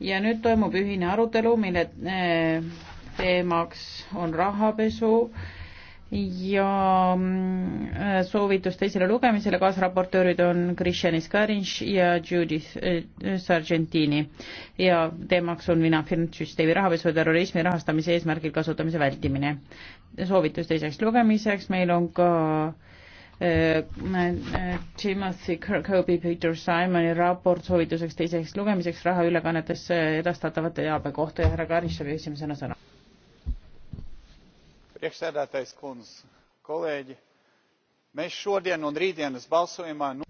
ja nüüd toimub ühine arutelu, mille eh, teemaks on rahapesu ja mm, soovitus teisele lugemisele, kaasraportöörid on Kristjan Iskarinš ja Judith eh, Sargentini ja teemaks on mina, finantssüsteemi rahapesu ja terrorismi rahastamise eesmärgil kasutamise vältimine. soovitus teiseks lugemiseks meil on ka äh, Timothy Kirkhope, Peter Simoni raport soovituseks teiseks lugemiseks rahaülekannetes edastatavate teabe kohta ja härra Karishev esimesena sõna.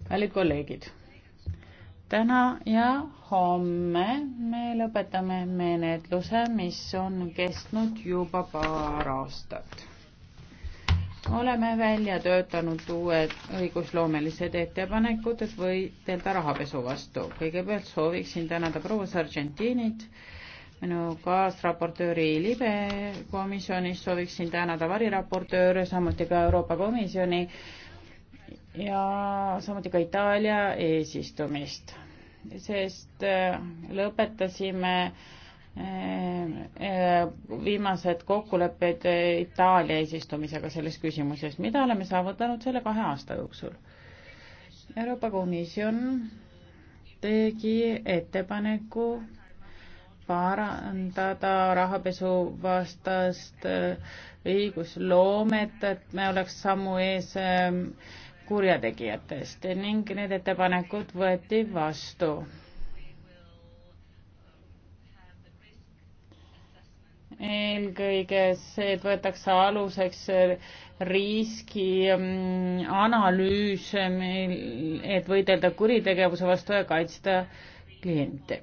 kallid kolleegid täna ja homme me lõpetame menetluse, mis on kestnud juba paar aastat oleme välja töötanud uued õigusloomelised ettepanekud, et võidelda rahapesu vastu. kõigepealt sooviksin tänada proua Sargentinit, minu kaasraportööri libe komisjonis, sooviksin tänada variraportööre, samuti ka Euroopa Komisjoni ja samuti ka Itaalia eesistumist, sest äh, lõpetasime äh, Ehm, ehm, viimased kokkulepped eh, Itaalia eesistumisega selles küsimuses, mida oleme saavutanud selle kahe aasta jooksul? Euroopa Komisjon tegi ettepaneku parandada rahapesuvastast eh, õigusloomet, et me oleks sammu ees ehm, kurjategijatest ning need ettepanekud võeti vastu eelkõige see, et võetakse aluseks riskianalüüs, mm, et võidelda kuritegevuse vastu ja kaitsta kliente.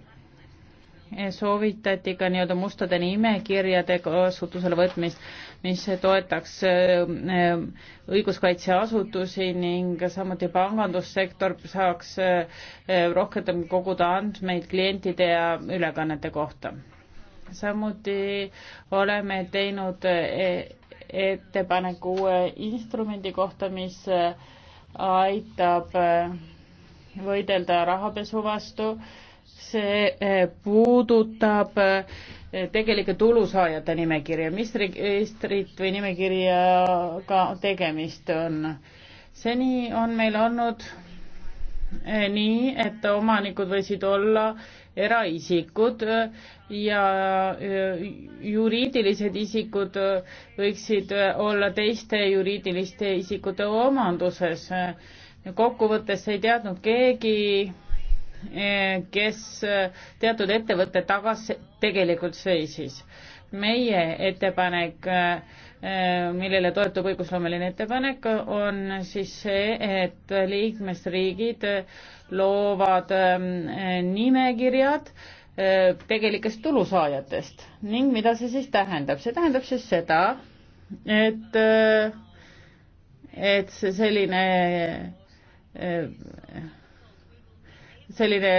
soovitati ka nii-öelda mustade nimekirjade kasutusele võtmist, mis toetaks mm, õiguskaitseasutusi ning samuti pangandussektor saaks mm, rohkem koguda andmeid klientide ja ülekannete kohta samuti oleme teinud e, ettepaneku uue instrumendi kohta, mis e, aitab e, võidelda rahapesu vastu. see puudutab tegelike tulusaajate nimekirja, mis registrit või nimekirjaga tegemist on. seni on meil olnud Eh, nii, et omanikud võisid olla eraisikud eh, ja eh, juriidilised isikud võiksid olla teiste juriidiliste isikute omanduses. kokkuvõttes ei teadnud keegi, kes teatud ettevõtte taga tegelikult seisis meie ettepanek, äh, millele toetub õigusloomeline ettepanek, on siis see, et liikmesriigid loovad ähm, nimekirjad äh, tegelikest tulusaajatest ning mida see siis tähendab, see tähendab siis seda, et, äh, et see selline selline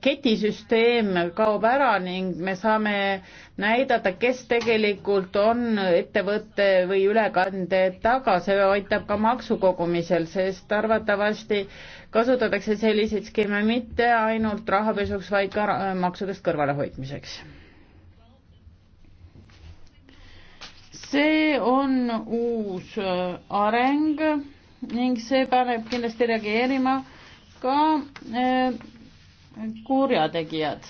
ketisüsteem kaob ära ning me saame näidata, kes tegelikult on ettevõtte või ülekande taga, see aitab ka maksukogumisel, sest arvatavasti kasutatakse selliseid skeeme mitte ainult rahapesuks, vaid ka maksudest kõrvalehoidmiseks. see on uus äh, areng ning see paneb kindlasti reageerima ka äh, kurjategijad.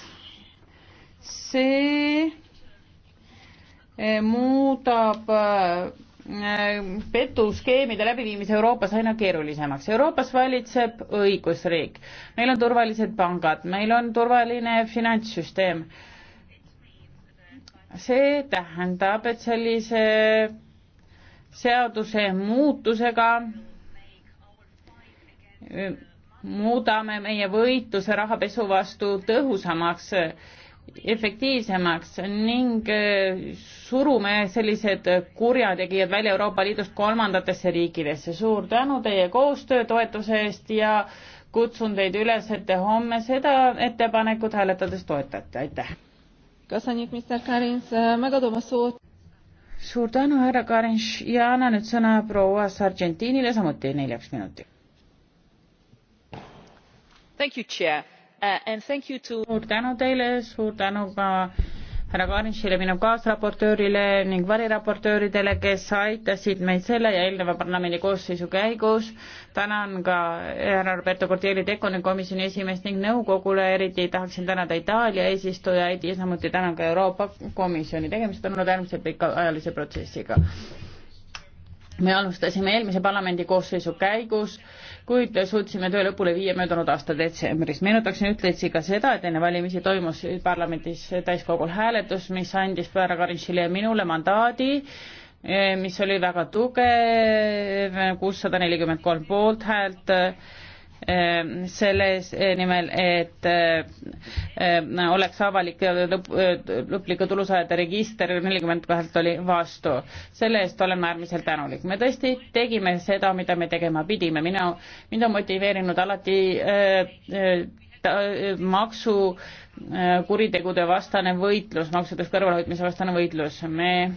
see eh, muudab eh, petuskeemide läbiviimise Euroopas aina keerulisemaks. Euroopas valitseb õigusriik, meil on turvalised pangad, meil on turvaline finantssüsteem. see tähendab, et sellise seaduse muutusega eh, muudame meie võitluse rahapesu vastu tõhusamaks, efektiivsemaks ning eh, surume sellised kurjategijad välja Euroopa Liidust kolmandatesse riikidesse. suur tänu teie koostöö toetuse eest ja kutsun teid üles, et te homme seda ettepanekut hääletades toetate, aitäh. suur tänu, härra Karins ja annan nüüd sõna proua Sargentinile samuti neljaks minutiks Uh, to... suur tänu teile, suur tänu ka härra Karnišile, minu kaasraportöörile ning variraportööridele, kes aitasid meid selle ja eelneva parlamendi koosseisu käigus. tänan ka härra Roberto Cordieri Deconi komisjoni esimeest ning nõukogule, eriti tahaksin tänada Itaalia eesistujaid ja samuti tänan ka Euroopa Komisjoni, tegemist on olnud äärmiselt pikaajalise protsessiga me alustasime eelmise parlamendikoosseisu käigus, kuid suutsime töö lõpule viia möödunud aasta detsembris. meenutaksin ühtlasi ka seda, et enne valimisi toimus parlamendis täiskogul hääletus, mis andis Pööra Karinšile ja minule mandaadi, eh, mis oli väga tugev, kuussada nelikümmend kolm poolthäält Ehm, selle eh, nimel, et eh, eh, oleks avalik lõp, lõplike tulusaajate register, nelikümmend kahelt oli vastu. selle eest olen ma äärmiselt tänulik. me tõesti tegime seda, mida me tegema pidime. mina, mind on motiveerinud alati maksu kuritegude vastane võitlus, maksudest kõrvalhoidmise vastane võitlus. me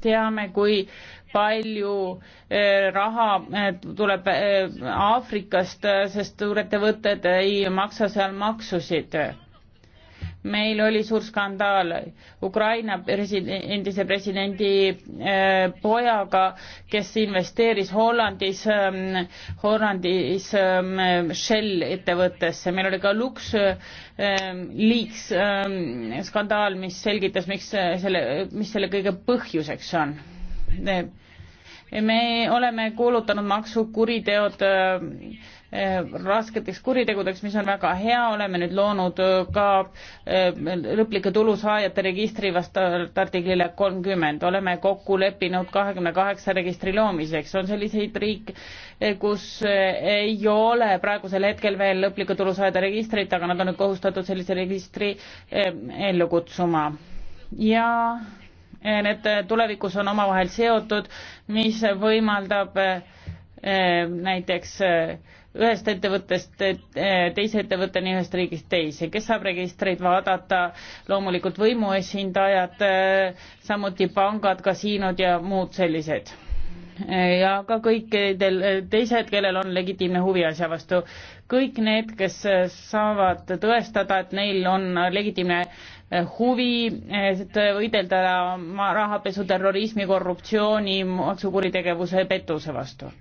teame, kui palju eh, raha eh, tuleb eh, Aafrikast, sest suurettevõtted ei maksa seal maksusid. meil oli suur skandaal Ukraina president, endise presidendi pojaga, kes investeeris Hollandis, Hollandis Shell ettevõttesse, meil oli ka Lux Leaks skandaal, mis selgitas, miks selle, mis selle kõige põhjuseks on me oleme kuulutanud maksukuriteod äh, äh, rasketeks kuritegudeks, mis on väga hea, oleme nüüd loonud äh, ka lõplike tulusaajate registri vastavalt artiklile kolmkümmend, oleme kokku leppinud kahekümne kaheksa registri loomiseks, on selliseid riik, kus ei ole praegusel hetkel veel lõplike tulusaajate registrit, aga nad on nüüd kohustatud sellise registri ellu kutsuma ja Eh, need eh, tulevikus on omavahel seotud, mis võimaldab eh, näiteks ühest ettevõttest teise ettevõtteni ühest riigist teise, kes saab registreid vaadata, loomulikult võimuesindajad, samuti pangad, kasiinod ja muud sellised. ja ka kõikidel teised, kellel on legitiimne huvi asja vastu. kõik need, kes saavad tõestada, et neil on legitiimne huvi võidelda rahapesu, terrorismi, korruptsiooni, maksukuritegevuse ja pettuse vastu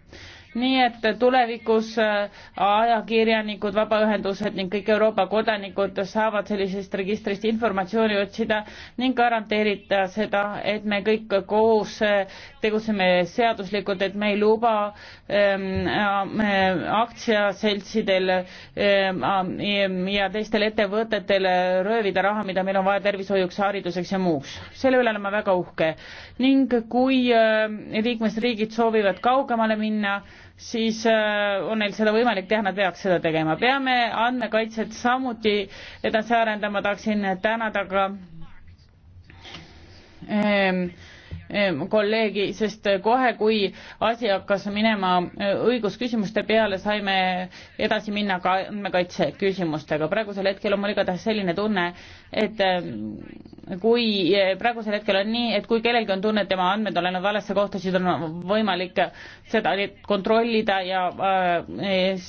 nii et tulevikus äh, ajakirjanikud, vabaühendused ning kõik Euroopa kodanikud saavad sellisest registrist informatsiooni otsida ning garanteerida seda, et me kõik koos äh, tegutseme seaduslikult, et me ei luba ähm, äh, aktsiaseltsidel ähm, ja teistel ettevõtetel röövida raha, mida meil on vaja tervishoiuks, hariduseks ja muuks. selle üle olen ma väga uhke ning kui äh, liikmesriigid soovivad kaugemale minna, siis äh, on neil seda võimalik teha, nad peaks seda tegema. peame andmekaitset samuti edasi arendama, tahaksin tänada ka ähm, Ehm, kolleegi, sest kohe, kui asi hakkas minema äh, õigusküsimuste peale, saime edasi minna ka andmekaitse küsimustega. praegusel hetkel on mul igatahes selline tunne, et ehm, kui eh, praegusel hetkel on nii, et kui kellelgi on tunne, et tema andmed on läinud valesse kohta, siis on võimalik seda kontrollida ja äh,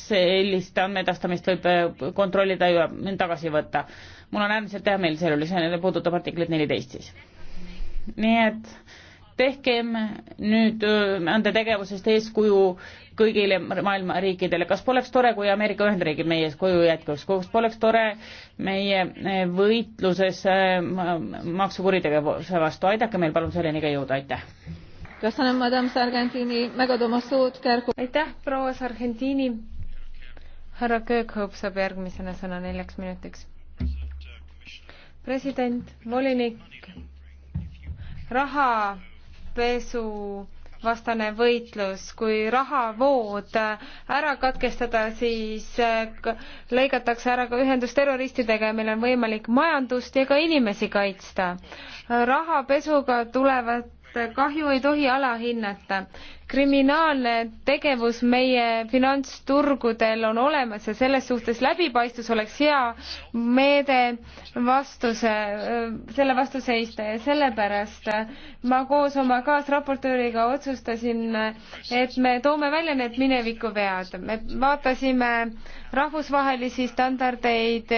sellist andmeedastamist võib äh, kontrollida ja tagasi võtta. mul on äärmiselt hea meel selle üle, see puudutab artiklit neliteist siis. nii et tehkem nüüd nende tegevusest eeskuju kõigile maailma riikidele, kas poleks tore, kui Ameerika Ühendriigid meie eeskuju jätkuks, kas poleks tore meie e, võitluses e, maksukuritegevuse vastu, aidake meil palun selleni ka jõuda, aitäh. aitäh, proua Sargentini. härra Köökhoop saab järgmisena sõna neljaks minutiks. president, volinik, raha rahapesu vastane võitlus, kui rahavood ära katkestada, siis eh, lõigatakse ära ka ühendus terroristidega ja meil on võimalik majandust ja ka inimesi kaitsta. rahapesuga tulevat kahju ei tohi alahinnata kriminaalne tegevus meie finantsturgudel on olemas ja selles suhtes läbipaistvus oleks hea meede vastuse, selle vastu seista ja sellepärast ma koos oma kaasraportööriga otsustasin, et me toome välja need minevikuvead. me vaatasime rahvusvahelisi standardeid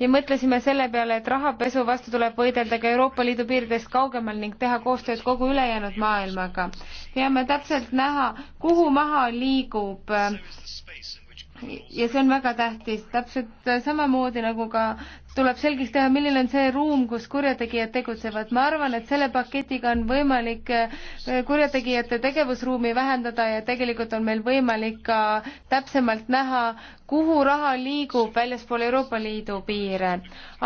ja mõtlesime selle peale, et rahapesu vastu tuleb võidelda ka Euroopa Liidu piiridest kaugemal ning teha koostööd kogu ülejäänud maailmaga. peame täpselt näha, kuhu maha liigub ja see on väga tähtis, täpselt samamoodi nagu ka tuleb selgeks teha, milline on see ruum, kus kurjategijad tegutsevad. ma arvan, et selle paketiga on võimalik eh, kurjategijate tegevusruumi vähendada ja tegelikult on meil võimalik ka täpsemalt näha, kuhu raha liigub väljaspool Euroopa Liidu piire.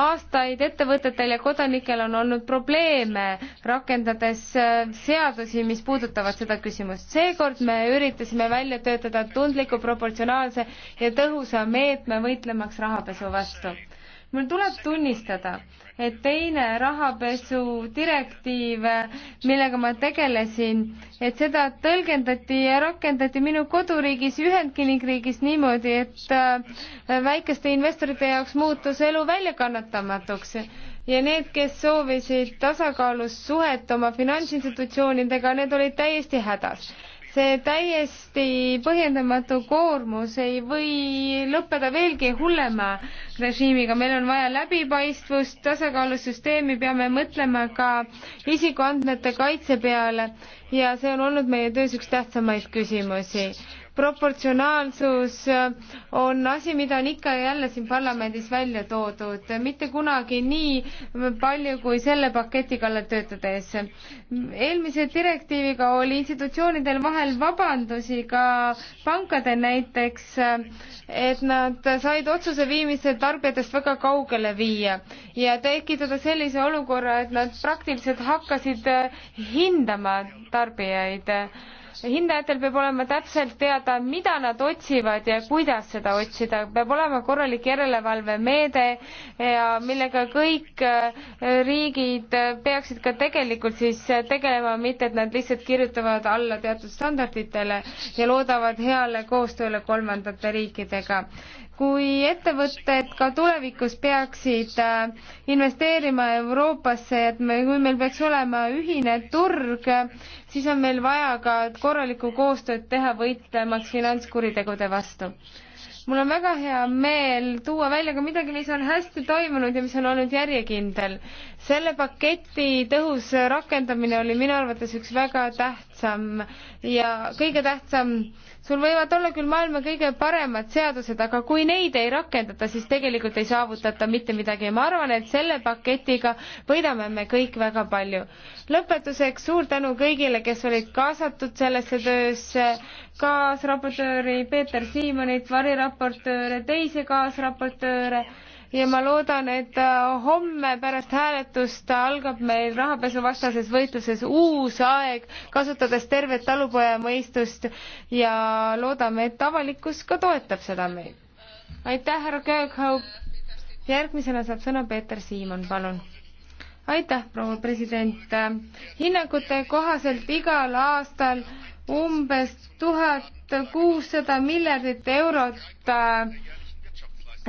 aastaid ettevõtetel ja kodanikel on olnud probleeme rakendades eh, seadusi, mis puudutavad seda küsimust. seekord me üritasime välja töötada tundliku, proportsionaalse ja tõhusa meetme võitlemaks rahapesu vastu mul tuleb tunnistada, et teine rahapesu direktiiv, millega ma tegelesin, et seda tõlgendati ja rakendati minu koduriigis Ühendkuningriigis niimoodi, et äh, väikeste investorite jaoks muutus elu väljakannatamatuks ja need, kes soovisid tasakaalus suhet oma finantsinstitutsioonidega, need olid täiesti hädas see täiesti põhjendamatu koormus ei või lõppeda veelgi hullema režiimiga, meil on vaja läbipaistvust, tasakaalus süsteemi, peame mõtlema ka isikuandmete kaitse peale ja see on olnud meie töös üks tähtsamaid küsimusi proportsionaalsus äh, on asi, mida on ikka ja jälle siin parlamendis välja toodud, mitte kunagi nii palju kui selle paketi kallal töötades. eelmise direktiiviga oli institutsioonidel vahel vabandusi ka pankadel näiteks, et nad said otsuse viimise tarbijatest väga kaugele viia ja tekitada sellise olukorra, et nad praktiliselt hakkasid hindama tarbijaid hindajatel peab olema täpselt teada, mida nad otsivad ja kuidas seda otsida, peab olema korralik järelevalvemeede ja millega kõik äh, riigid äh, peaksid ka tegelikult siis äh, tegelema, mitte et nad lihtsalt kirjutavad alla teatud standarditele ja loodavad heale koostööle kolmandate riikidega kui ettevõtted ka tulevikus peaksid investeerima Euroopasse, et me, kui meil peaks olema ühine turg, siis on meil vaja ka korralikku koostööd teha võitlemaks finantskuritegude vastu. mul on väga hea meel tuua välja ka midagi, mis on hästi toimunud ja mis on olnud järjekindel selle paketi tõhus rakendamine oli minu arvates üks väga tähtsam ja kõige tähtsam. sul võivad olla küll maailma kõige paremad seadused, aga kui neid ei rakendata, siis tegelikult ei saavutata mitte midagi ja ma arvan, et selle paketiga võidame me kõik väga palju. lõpetuseks suur tänu kõigile, kes olid kaasatud sellesse töösse, kaasraportööri Peeter Siimonit, variraportööre, teisi kaasraportööre ja ma loodan, et äh, homme pärast hääletust algab meil rahapesuvastases võitluses uus aeg, kasutades tervet talupojamõistust ja loodame, et avalikkus ka toetab seda meil. aitäh, härra Kööghaup. järgmisena saab sõna Peeter Siimon, palun aitäh, proua president. hinnangute kohaselt igal aastal umbes tuhat kuussada miljardit eurot äh,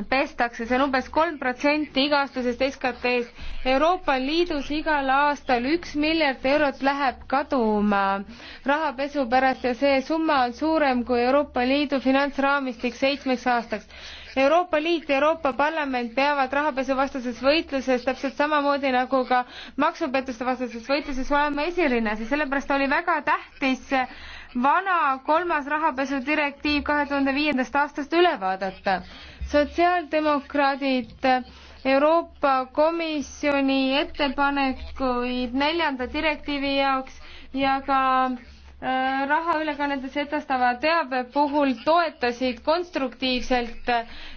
pestakse, see on umbes kolm protsenti igastusest SKT-st. Euroopa Liidus igal aastal üks miljard eurot läheb kaduma rahapesu pärast ja see summa on suurem kui Euroopa Liidu finantsraamistik seitsmeks aastaks. Euroopa Liit ja Euroopa Parlament peavad rahapesuvastases võitluses täpselt samamoodi nagu ka maksupettuste vastases võitluses olema esirinnas ja sellepärast oli väga tähtis vana kolmas rahapesudirektiiv kahe tuhande viiendast aastast üle vaadata sotsiaaldemokraadid Euroopa Komisjoni ettepanekuid neljanda direktiivi jaoks ja ka rahaülekannetes edastava teabe puhul toetasid konstruktiivselt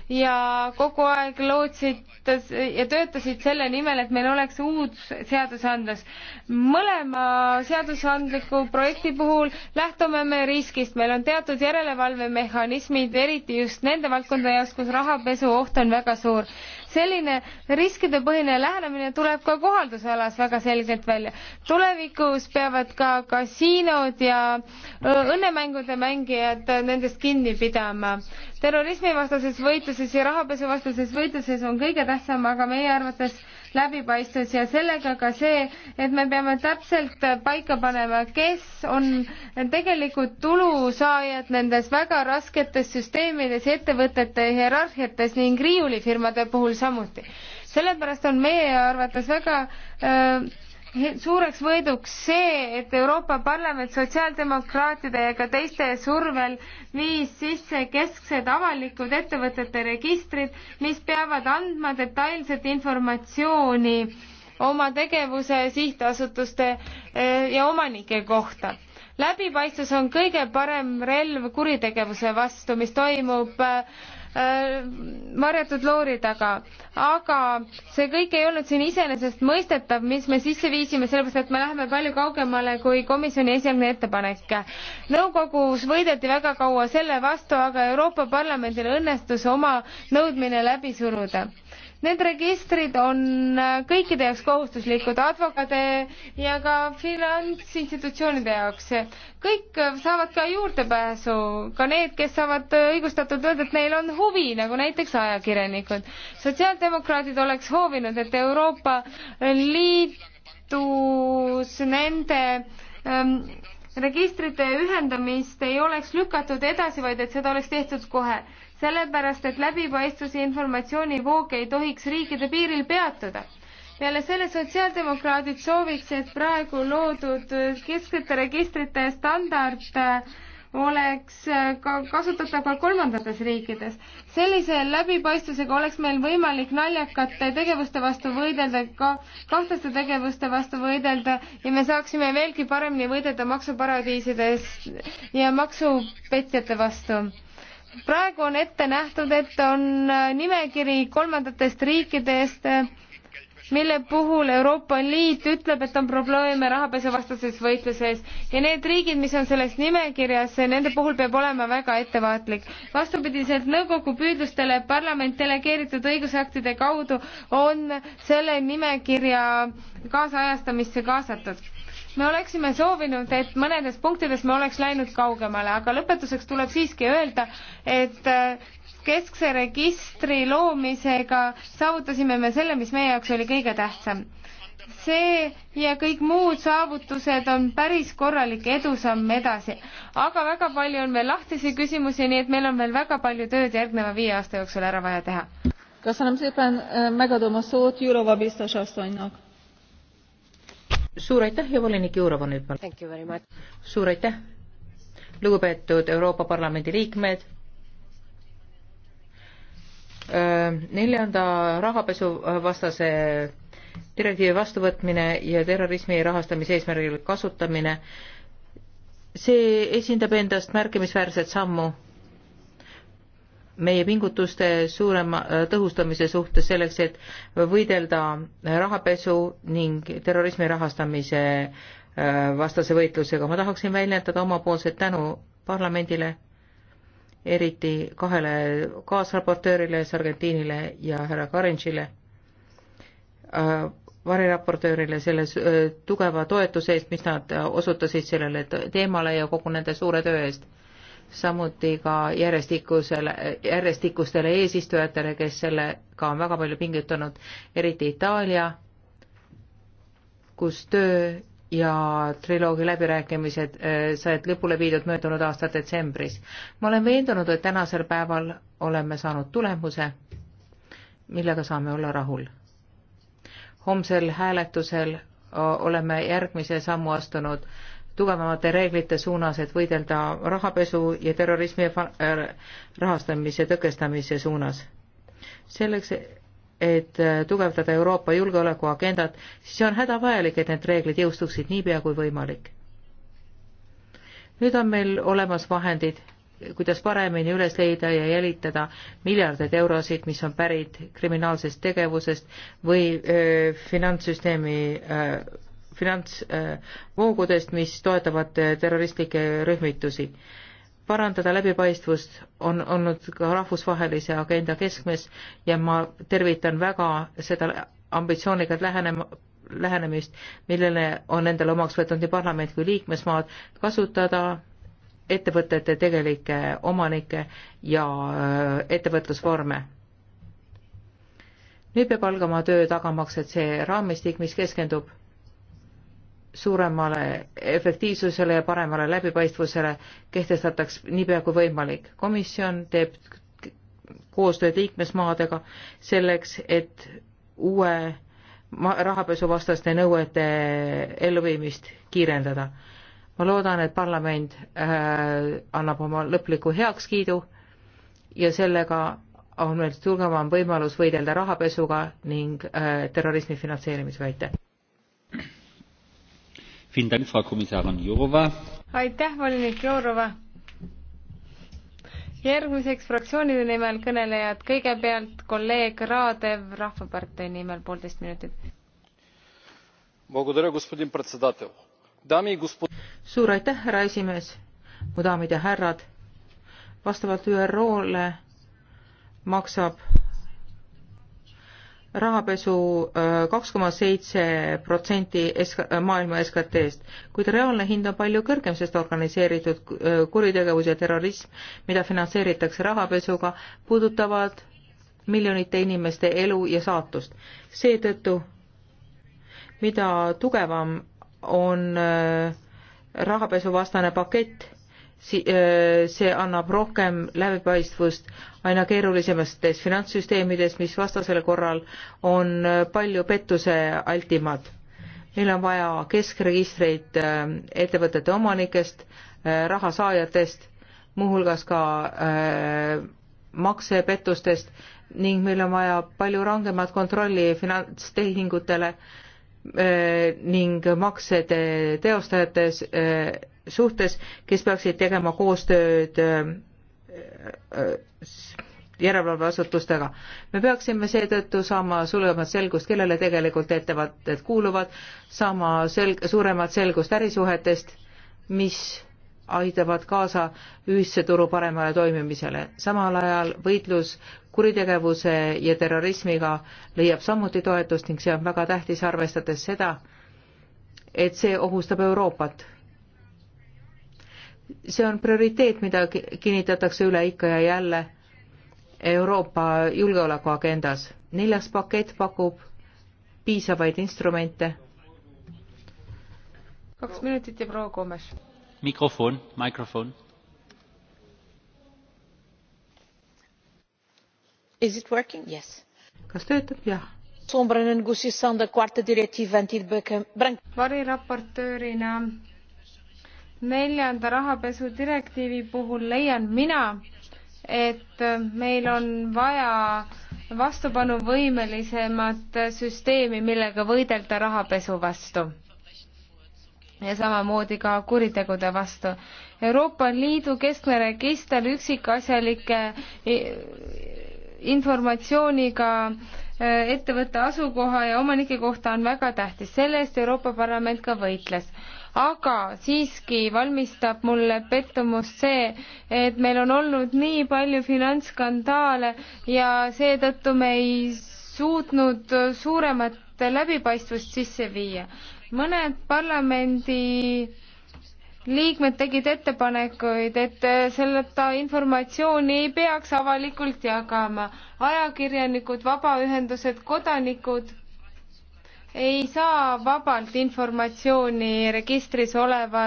ja kogu aeg lootsid ja töötasid selle nimel, et meil oleks uus seadusandlus. mõlema seadusandliku projekti puhul lähtume me riskist, meil on teatud järelevalvemehhanismid, eriti just nende valdkondade jaoks, kus rahapesu oht on väga suur selline riskidepõhine lähenemine tuleb ka kohaldusalas väga selgelt välja. tulevikus peavad ka kasiinod ja õnnemängude mängijad nendest kinni pidama. terrorismivastases võitluses ja rahapesuvastases võitluses on kõige tähtsam aga meie arvates läbipaistvus ja sellega ka see, et me peame täpselt paika panema, kes on tegelikult tulusaajad nendes väga rasketes süsteemides, ettevõtete hierarhiates ning riiulifirmade puhul samuti. sellepärast on meie arvates väga öö, äh, suureks võiduks see, et Euroopa Parlament sotsiaaldemokraatide ja ka teiste survel viis sisse kesksed avalikud ettevõtete registrid, mis peavad andma detailset informatsiooni oma tegevuse, sihtasutuste eh, ja omanike kohta läbipaistvus on kõige parem relv kuritegevuse vastu, mis toimub eh, Äh, varjatud loori taga. aga see kõik ei olnud siin iseenesestmõistetav, mis me sisse viisime, sellepärast et me läheme palju kaugemale kui komisjoni esialgne ettepanek. nõukogus võideldi väga kaua selle vastu, aga Euroopa Parlamendil õnnestus oma nõudmine läbi suruda Need registrid on äh, kõikide jaoks kohustuslikud, advokaade ja ka finantsinstitutsioonide jaoks. kõik äh, saavad ka juurdepääsu, ka need, kes saavad äh, õigustatult öelda, et neil on huvi, nagu näiteks ajakirjanikud. sotsiaaldemokraadid oleks hoovinud, et Euroopa Liidus nende ähm, registrite ühendamist ei oleks lükatud edasi, vaid et seda oleks tehtud kohe sellepärast et läbipaistvus ja informatsioonivoog ei tohiks riikide piiril peatuda. peale selle sotsiaaldemokraadid sooviks, et praegu loodud kesksete registrite standard oleks ka kasutatav ka kolmandates riikides. sellise läbipaistvusega oleks meil võimalik naljakate tegevuste vastu võidelda, ka kahtlaste tegevuste vastu võidelda ja me saaksime veelgi paremini võidelda maksuparadiiside eest ja maksupetjate vastu praegu on ette nähtud, et on äh, nimekiri kolmandatest riikidest, äh, mille puhul Euroopa Liit ütleb, et on probleeme rahapesuvastases võitluses ja need riigid, mis on selles nimekirjas, äh, nende puhul peab olema väga ettevaatlik. vastupidiselt nõukogu püüdlustele parlament delegeeritud õigusaktide kaudu on selle nimekirja kaasajastamisse kaasatud me oleksime soovinud, et mõnedes punktides me oleks läinud kaugemale, aga lõpetuseks tuleb siiski öelda, et äh, keskse registri loomisega saavutasime me selle, mis meie jaoks oli kõige tähtsam. see ja kõik muud saavutused on päris korralik edusamm edasi, aga väga palju on veel lahtisi küsimusi, nii et meil on veel väga palju tööd järgneva viie aasta jooksul ära vaja teha. köszönöm szépen, megadom a szót Jurova biztos asszonynak suur aitäh ja volinik Jurova nüüd palun. suur aitäh, lugupeetud Euroopa Parlamendi liikmed. neljanda rahapesuvastase direktiivi vastuvõtmine ja terrorismi rahastamise eesmärgil kasutamine, see esindab endast märkimisväärset sammu meie pingutuste suurema äh, tõhustamise suhtes selleks, et võidelda rahapesu ning terrorismi rahastamise äh, vastase võitlusega. ma tahaksin väljendada omapoolset tänu parlamendile, eriti kahele kaasraportöörile, Sargentiinile ja härra Karinšile, äh, variraportöörile selle tugeva toetuse eest, mis nad osutasid sellele teemale ja kogu nende suure töö eest samuti ka järjestikusele, järjestikustele eesistujatele, kes sellega on väga palju pingutanud, eriti Itaalia, kus töö ja triloogi läbirääkimised eh, said lõpule viidud möödunud aasta detsembris. ma olen veendunud, et tänasel päeval oleme saanud tulemuse, millega saame olla rahul. homsel hääletusel oleme järgmise sammu astunud äh, tugevamate reeglite suunas, et võidelda rahapesu ja terrorismi äh, rahastamise tõkestamise suunas. selleks, et äh, tugevdada Euroopa julgeolekuagendat, siis on hädavajalik, et need reeglid jõustuksid niipea kui võimalik. nüüd on meil olemas vahendid, kuidas paremini üles leida ja jälitada miljardeid eurosid, mis on pärit kriminaalsest tegevusest või öö, äh, finantssüsteemi öö, finantsvoogudest, mis toetavad eh, terroristlikke rühmitusi. parandada läbipaistvust on olnud ka rahvusvahelise agenda keskmes ja ma tervitan väga seda ambitsioonikat lähenema, lähenemist, millele on endale omaks võtnud nii parlament kui liikmesmaad, kasutada ettevõtete tegelikke omanikke ja eh, ettevõtlusvorme nüüd peab algama töö tagamaks, et see raamistik, mis keskendub suuremale efektiivsusele ja paremale läbipaistvusele kehtestataks niipea kui võimalik. komisjon teeb koostööd liikmesmaadega selleks, et uue rahapesuvastaste nõuete elluviimist kiirendada. ma loodan, et parlament äh, annab oma lõpliku heakskiidu ja sellega on meil tugevam võimalus võidelda rahapesuga ning äh, terrorismi finantseerimisega, aitäh! aitäh, volinik Jourova. järgmiseks fraktsioonide nimel kõnelejad, kõigepealt kolleeg Raadev Rahvapartei nimel poolteist minutit. suur aitäh, härra esimees, mu daamid ja härrad. vastavalt ÜRO-le maksab rahapesu äh, kaks koma seitse protsenti äh, maailma SKT-st, kuid reaalne hind on palju kõrgem, sest organiseeritud äh, kuritegevus ja terrorism, mida finantseeritakse rahapesuga, puudutavad miljonite inimeste elu ja saatust. seetõttu, mida tugevam on rahapesuvastane pakett, see annab rohkem läbipaistvust aina keerulisemates finantssüsteemides, mis vastasel korral on palju pettuse altimad. meil on vaja keskregistreid ettevõtete omanikest, rahasaajatest, muuhulgas ka maksepettustest ning meil on vaja palju rangemat kontrolli finantstehingutele ning maksede teostajates suhtes, kes peaksid tegema koostööd äh, äh, järelevalveasutustega. me peaksime seetõttu saama suuremat selgust, kellele tegelikult ettevõtted kuuluvad, saama selg-, suuremat selgust ärisuhetest, mis aitavad kaasa ühise turu paremale toimimisele. samal ajal võitlus kuritegevuse ja terrorismiga leiab samuti toetust ning see on väga tähtis, arvestades seda, et see ohustab Euroopat see on prioriteet, mida kinnitatakse üle ikka ja jälle Euroopa julgeolekuagendas. neljas pakett pakub piisavaid instrumente. kaks minutit ja proua Komes. mikrofon, mikrofon. Is it working? Yes. kas töötab? jah. variraportöörina neljanda rahapesu direktiivi puhul leian mina, et meil on vaja vastupanuvõimelisemat süsteemi, millega võidelda rahapesu vastu ja samamoodi ka kuritegude vastu. Euroopa Liidu keskne register üksikasjalike informatsiooniga äh, ettevõtte asukoha ja omanike kohta on väga tähtis, selle eest Euroopa Parlament ka võitles aga siiski valmistab mulle pettumust see, et meil on olnud nii palju finantsskandaale ja seetõttu me ei suutnud suuremat läbipaistvust sisse viia. mõned parlamendi liikmed tegid ettepanekuid, et seda informatsiooni ei peaks avalikult jagama. ajakirjanikud, vabaühendused, kodanikud ei saa vabalt informatsiooni registris oleva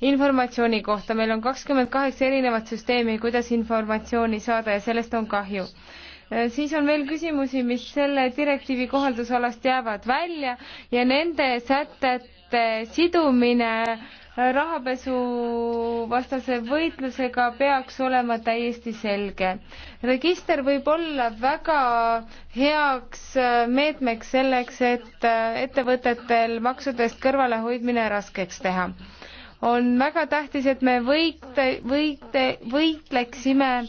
informatsiooni kohta, meil on kakskümmend kaheksa erinevat süsteemi, kuidas informatsiooni saada ja sellest on kahju äh, siis on veel küsimusi, mis selle direktiivi kohaldusalast jäävad välja ja nende sätete sidumine rahapesuvastase võitlusega peaks olema täiesti selge. register võib olla väga heaks äh, meetmeks selleks, et äh, ettevõtetel maksudest kõrvalehoidmine raskeks teha. on väga tähtis, et me võite, võite, võitleksime äh,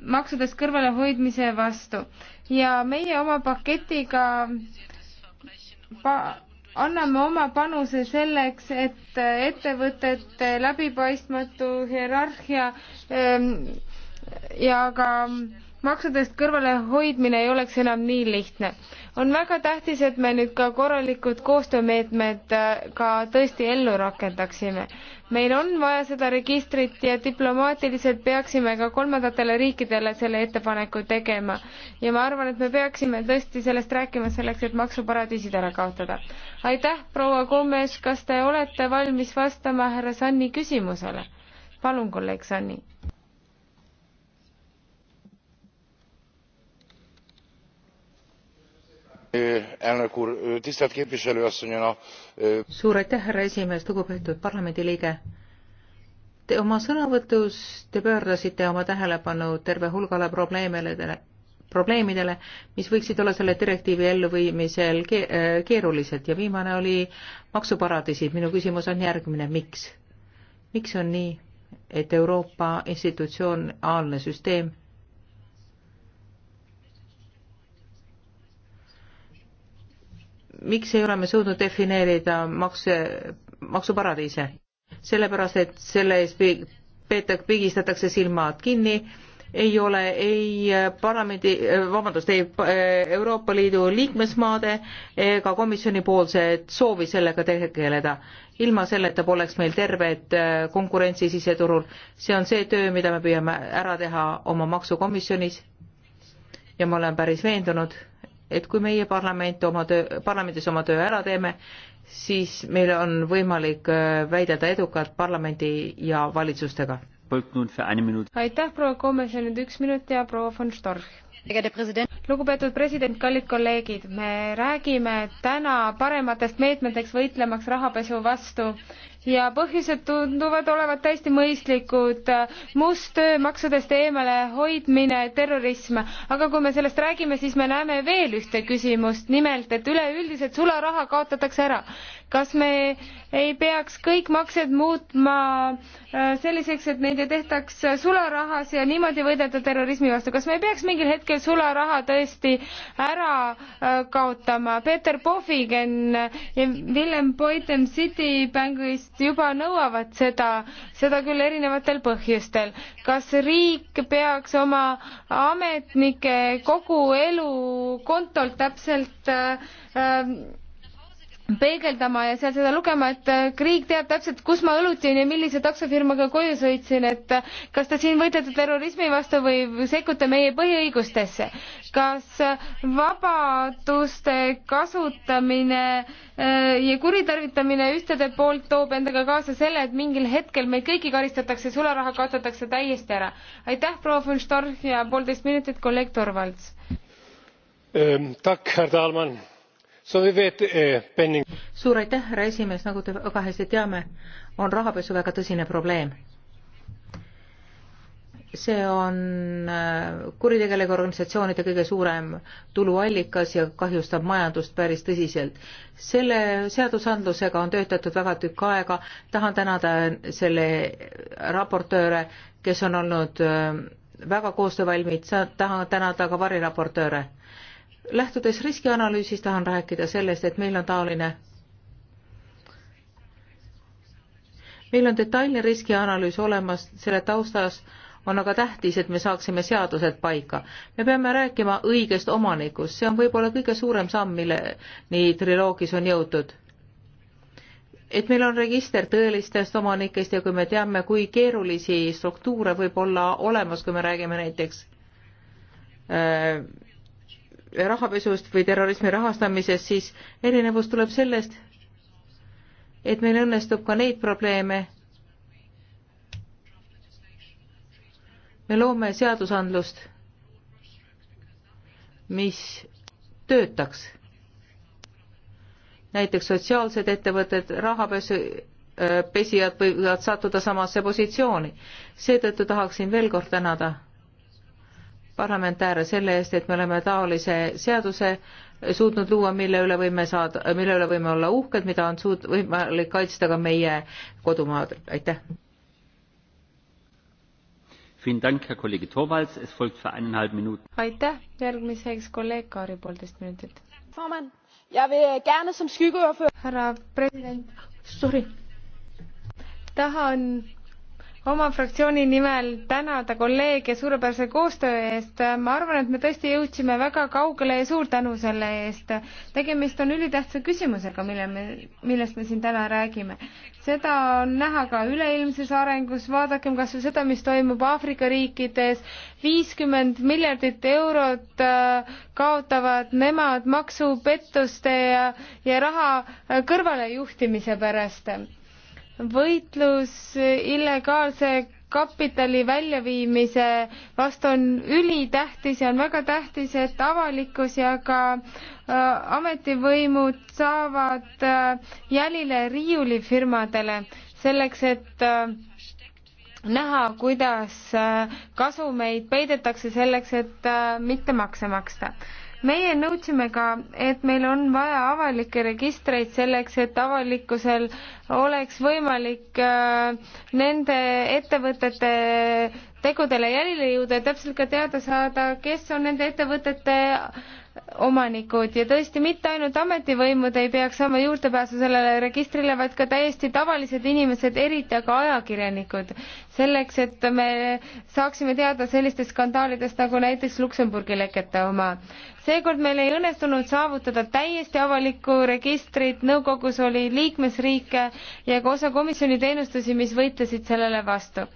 maksudest kõrvalehoidmise vastu ja meie oma paketiga pa anname oma panuse selleks, et ettevõtete läbipaistmatu hierarhia ähm, ja ka maksudest kõrvalehoidmine ei oleks enam nii lihtne. on väga tähtis, et me nüüd ka korralikud koostöömeetmed äh, ka tõesti ellu rakendaksime. meil on vaja seda registrit ja diplomaatiliselt peaksime ka kolmandatele riikidele selle ettepaneku tegema. ja ma arvan, et me peaksime tõesti sellest rääkima selleks, et maksuparadiisid ära kaotada. aitäh, proua Gomes, kas te olete valmis vastama härra Sanni küsimusele? palun, kolleeg Sanni suur aitäh härra esimees lugupeetud parlamendiliige te oma sõnavõtus te pöörasite oma tähelepanu terve hulgale probleemidele probleemidele mis võiksid olla selle direktiivi elluviimisel ke- keerulised ja viimane oli maksuparadiisid minu küsimus on järgmine miks miks on nii et euroopa institutsionaalne süsteem miks ei ole me suutnud defineerida makse, maksuparadiise? sellepärast, et selle eest peetak-, pigistatakse silmad kinni, ei ole ei parlamendi, eh, vabandust, ei eh, Euroopa Liidu liikmesmaade ega komisjoni poolset soovi sellega tegeleda. ilma selleta poleks meil tervet eh, konkurentsi siseturul. see on see töö, mida me püüame ära teha oma maksukomisjonis ja ma olen päris veendunud et kui meie parlament oma töö, parlamendis oma töö ära teeme, siis meil on võimalik äh, väidelda edukalt parlamendi ja valitsustega. aitäh, proua Komes ja nüüd üks minut ja proua von Storch. lugupeetud president, kallid kolleegid, me räägime täna parematest meetmeteks võitlemaks rahapesu vastu ja põhjused tunduvad olevat täiesti mõistlikud. must töö, maksudest eemale hoidmine, terrorism. aga kui me sellest räägime, siis me näeme veel ühte küsimust, nimelt et üleüldiselt sularaha kaotatakse ära kas me ei peaks kõik maksed muutma äh, selliseks, et neid ei tehtaks sularahas ja niimoodi võidelda terrorismi vastu, kas me ei peaks mingil hetkel sularaha tõesti ära äh, kaotama? Peeter Pohvigen ja Willem Boyden Citibankist juba nõuavad seda, seda küll erinevatel põhjustel. kas riik peaks oma ametnike kogu elu kontolt täpselt äh, äh peegeldama ja seal seda lugema, et äh, Kriik teab täpselt, kus ma õlut jõin ja millise taksofirmaga koju sõitsin, et äh, kas te siin võitlete terrorismi vastu või sekkute meie põhiõigustesse. kas äh, vabaduste kasutamine ja kuritarvitamine ühtede poolt toob endaga kaasa selle, et mingil hetkel meid kõiki karistatakse, sularaha kaotatakse täiesti ära. aitäh, proua von Storch ja poolteist minutit, kolleeg Torvalds ähm,. Tak, härra Talman Eh, suur aitäh, härra esimees, nagu te väga hästi teame, on rahapesu väga tõsine probleem. see on eh, kuritegelike organisatsioonide kõige suurem tuluallikas ja kahjustab majandust päris tõsiselt. selle seadusandlusega on töötatud väga tükk aega, tahan tänada selle raportööre, kes on olnud eh, väga koostöövalmid, tahan tänada ka variraportööre lähtudes riskianalüüsist tahan rääkida sellest, et meil on taoline meil on detailne riskianalüüs olemas, selle taustas on aga tähtis, et me saaksime seadused paika. me peame rääkima õigest omanikust, see on võib-olla kõige suurem samm, milleni triloogis on jõutud. et meil on register tõelistest omanikest ja kui me teame, kui keerulisi struktuure võib olla olemas, kui me räägime näiteks öö, äh, rahapesust või terrorismi rahastamisest, siis erinevus tuleb sellest, et meil õnnestub ka neid probleeme. me loome seadusandlust, mis töötaks. näiteks sotsiaalsed ettevõtted, rahapesu, äh, pesijad võivad sattuda samasse positsiooni. seetõttu tahaksin veel kord tänada parlamentääre selle eest, et me oleme taolise seaduse suutnud luua, mille üle võime saada, mille üle võime olla uhked, mida on suut-, võimalik kaitsta ka meie kodumaadel, aitäh. aitäh, järgmiseks kolleeg Kaari poolteist minutit. Øh, härra president, sorry, tahan oma fraktsiooni nimel tänada kolleege suurepärase koostöö eest. ma arvan, et me tõesti jõudsime väga kaugele ja suur tänu selle eest. tegemist on ülitähtsa küsimusega, mille me, millest me siin täna räägime. seda on näha ka üleilmses arengus, vaadakem kas või seda, mis toimub Aafrika riikides. viiskümmend miljardit eurot äh, kaotavad nemad maksupettuste ja, ja raha kõrvalejuhtimise pärast võitlus illegaalse kapitali väljaviimise vastu on ülitähtis ja on väga tähtis, et avalikkus ja ka äh, ametivõimud saavad äh, jälile riiulifirmadele selleks, et äh, näha, kuidas äh, kasumeid peidetakse selleks, et äh, mitte makse maksta meie nõudsime ka, et meil on vaja avalikke registreid selleks, et avalikkusel oleks võimalik äh, nende ettevõtete tegudele jälile jõuda ja täpselt ka teada saada, kes on nende ettevõtete omanikud ja tõesti mitte ainult ametivõimud ei peaks saama juurdepääsu sellele registrile, vaid ka täiesti tavalised inimesed, eriti aga ajakirjanikud. selleks, et me saaksime teada sellistest skandaalidest nagu näiteks Luksemburgi lekete oma. seekord meil ei õnnestunud saavutada täiesti avalikku registrit, nõukogus oli liikmesriike ja ka osa komisjoni teenustusi, mis võitlesid sellele vastu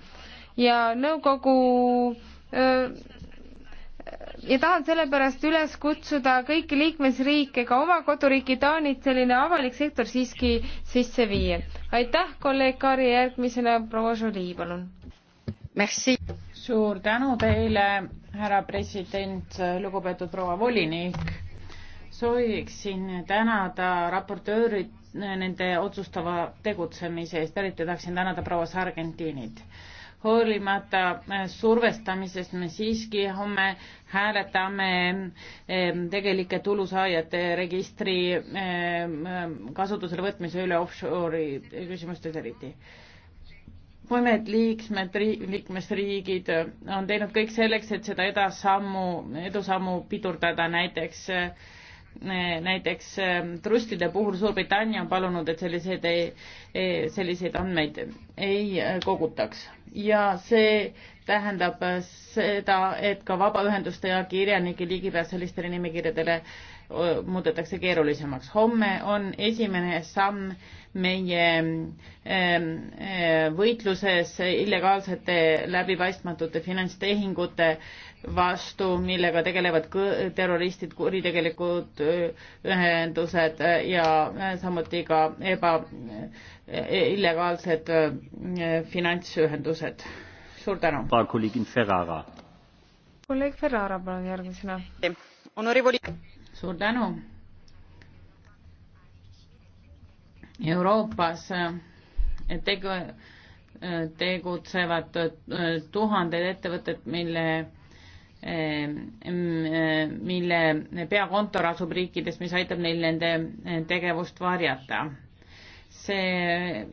ja nõukogu ja tahan sellepärast üles kutsuda kõiki liikmesriike, ka oma koduriiki Taanit, selline avalik sektor siiski sisse viia. aitäh, kolleeg Kari, järgmisena proua Jolie, palun. Merci. suur tänu teile, härra president, lugupeetud proua volinik. sooviksin tänada raportöörid nende otsustava tegutsemise eest, eriti tahaksin tänada proua Sargentinit hoolimata äh, survestamisest me siiski homme hääletame ähm, tegelike tulusaajate registri ähm, ähm, kasutusele võtmise üle offshore'i küsimustes eriti. mõned liikmed, liikmesriigid on teinud kõik selleks, et seda edasammu, edusammu pidurdada, näiteks äh, näiteks ähm, trustide puhul Suurbritannia on palunud, et selliseid, e, selliseid andmeid ei äh, kogutaks ja see tähendab äh, seda, et ka vabaühenduste ja kirjanike ligipääs sellistele nimekirjadele äh, muudetakse keerulisemaks. homme on esimene samm meie ähm, äh, võitluses illegaalsete läbipaistmatute finantstehingute vastu, millega tegelevad terroristid, kuritegelikud äh, ühendused äh, ja samuti ka eba, illegaalsed finantsühendused. suur tänu. kolleeg Ferrara, palun järgmisena. suur tänu Euroopas tegu, tegutsevad äh, tuhanded ettevõtted, mille äh, äh, mille peakontor asub riikides, mis aitab neil nende tegevust varjata. see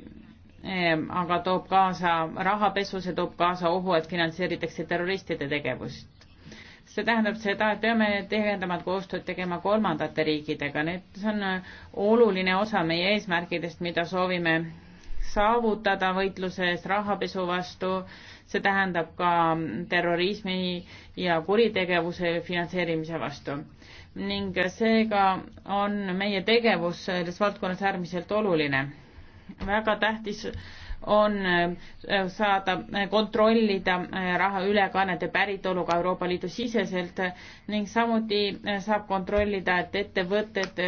aga toob kaasa rahapesu, see toob kaasa ohu, et finantseeritakse terroristide tegevust see tähendab seda, et peame tihedamat koostööd tegema kolmandate riikidega, need, see on äh, oluline osa meie eesmärkidest, mida soovime saavutada võitluses rahapesu vastu, see tähendab ka terrorismi ja kuritegevuse finantseerimise vastu. ning seega on meie tegevus selles valdkonnas äärmiselt oluline. väga tähtis on äh, saada äh, kontrollida äh, raha ülekannete päritolu ka Euroopa Liidu siseselt ning samuti saab kontrollida, et ettevõtted,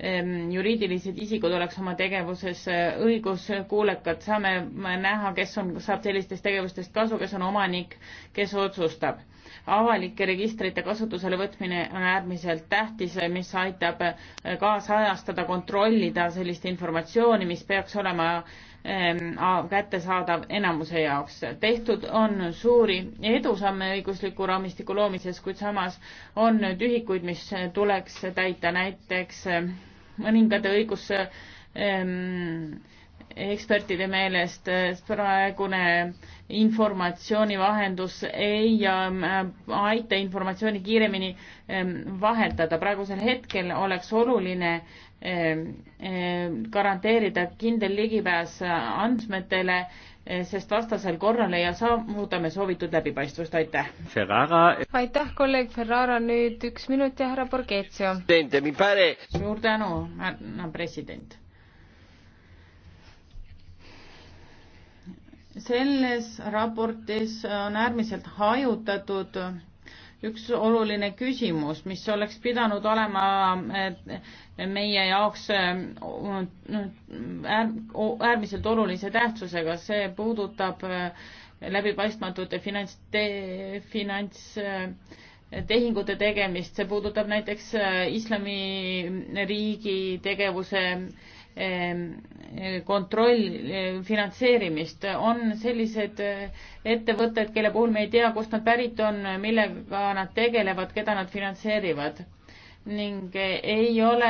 ähm, juriidilised isikud oleks oma tegevuses õiguskuulekad, saame näha, kes on, saab sellistest tegevustest kasu, kes on omanik, kes otsustab. avalike registrite kasutusele võtmine on äärmiselt tähtis, mis aitab kaasajastada, kontrollida sellist informatsiooni, mis peaks olema Ehm, kättesaadav enamuse jaoks. tehtud on suuri edusamme õigusliku raamistiku loomises, kuid samas on tühikuid, mis tuleks täita, näiteks ehm, mõningate õigus ehm, ekspertide meelest praegune informatsioonivahendus ei ähm, aita informatsiooni kiiremini ähm, vahetada. praegusel hetkel oleks oluline ähm, garanteerida kindel ligipääs andmetele, äh, sest vastasel korral ei saa, muudame soovitud läbipaistvust, aitäh. aitäh, kolleeg Ferrara, nüüd üks minut ja härra Borghezio. suur tänu, härra president selles raportis on äärmiselt hajutatud üks oluline küsimus, mis oleks pidanud olema eh, meie jaoks eh, äärmiselt olulise tähtsusega, see puudutab eh, läbipaistmatute finants te,, finantstehingute tegemist, see puudutab näiteks islamiriigi tegevuse äh, Ehm, kontroll eh, finantseerimist, on sellised eh, ettevõtted, kelle puhul me ei tea, kust nad pärit on, millega nad tegelevad, keda nad finantseerivad ning eh, ei ole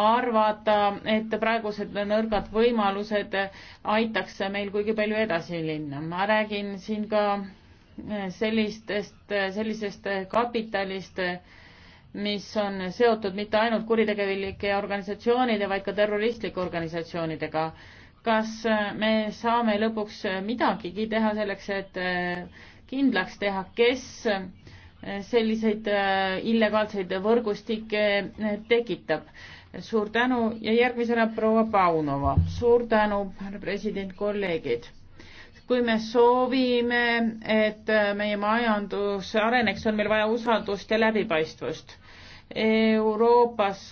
arvata, et praegused nõrgad võimalused aitaks meil kuigi palju edasi minna. ma räägin siin ka sellistest, sellisest kapitalist, mis on seotud mitte ainult kuritegelike organisatsioonide, vaid ka terroristlike organisatsioonidega. kas me saame lõpuks midagigi teha selleks, et eh, kindlaks teha, kes eh, selliseid eh, illegaalseid võrgustikke tekitab? suur tänu ja järgmisena proua Paunova. suur tänu, härra president, kolleegid kui me soovime, et meie majandus areneks, on meil vaja usaldust ja läbipaistvust. Euroopas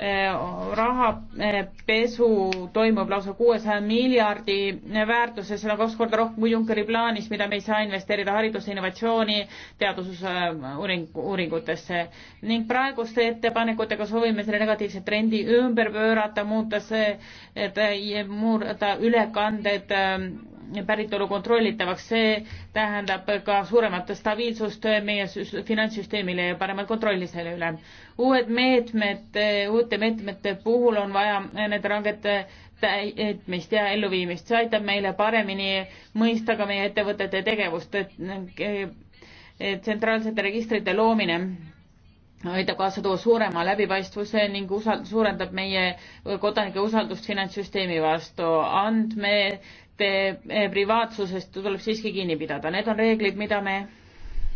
eh, rahapesu eh, toimub lausa kuuesaja miljardi väärtuses, seda kaks korda rohkem kui Junckeri plaanis, mida me ei saa investeerida haridusse, innovatsiooni, teadusuuring, eh, uuringutesse. ning praeguste ettepanekutega soovime selle negatiivse trendi ümber pöörata, muuta see, et muuta ülekanded päritolu kontrollitavaks, see tähendab ka suuremat stabiilsust meie finantssüsteemile ja paremat kontrolli selle üle. uued meetmed, uute meetmete puhul on vaja need ranged täitmist ja elluviimist, see aitab meile paremini mõista ka meie ettevõtete tegevust, et tsentraalsete registrite loomine aitab kaasa tuua suurema läbipaistvuse ning usald-, suurendab meie kodanike usaldust finantssüsteemi vastu. andme Eh, privaatsusest tuleb siiski kinni pidada, need on reeglid, mida me,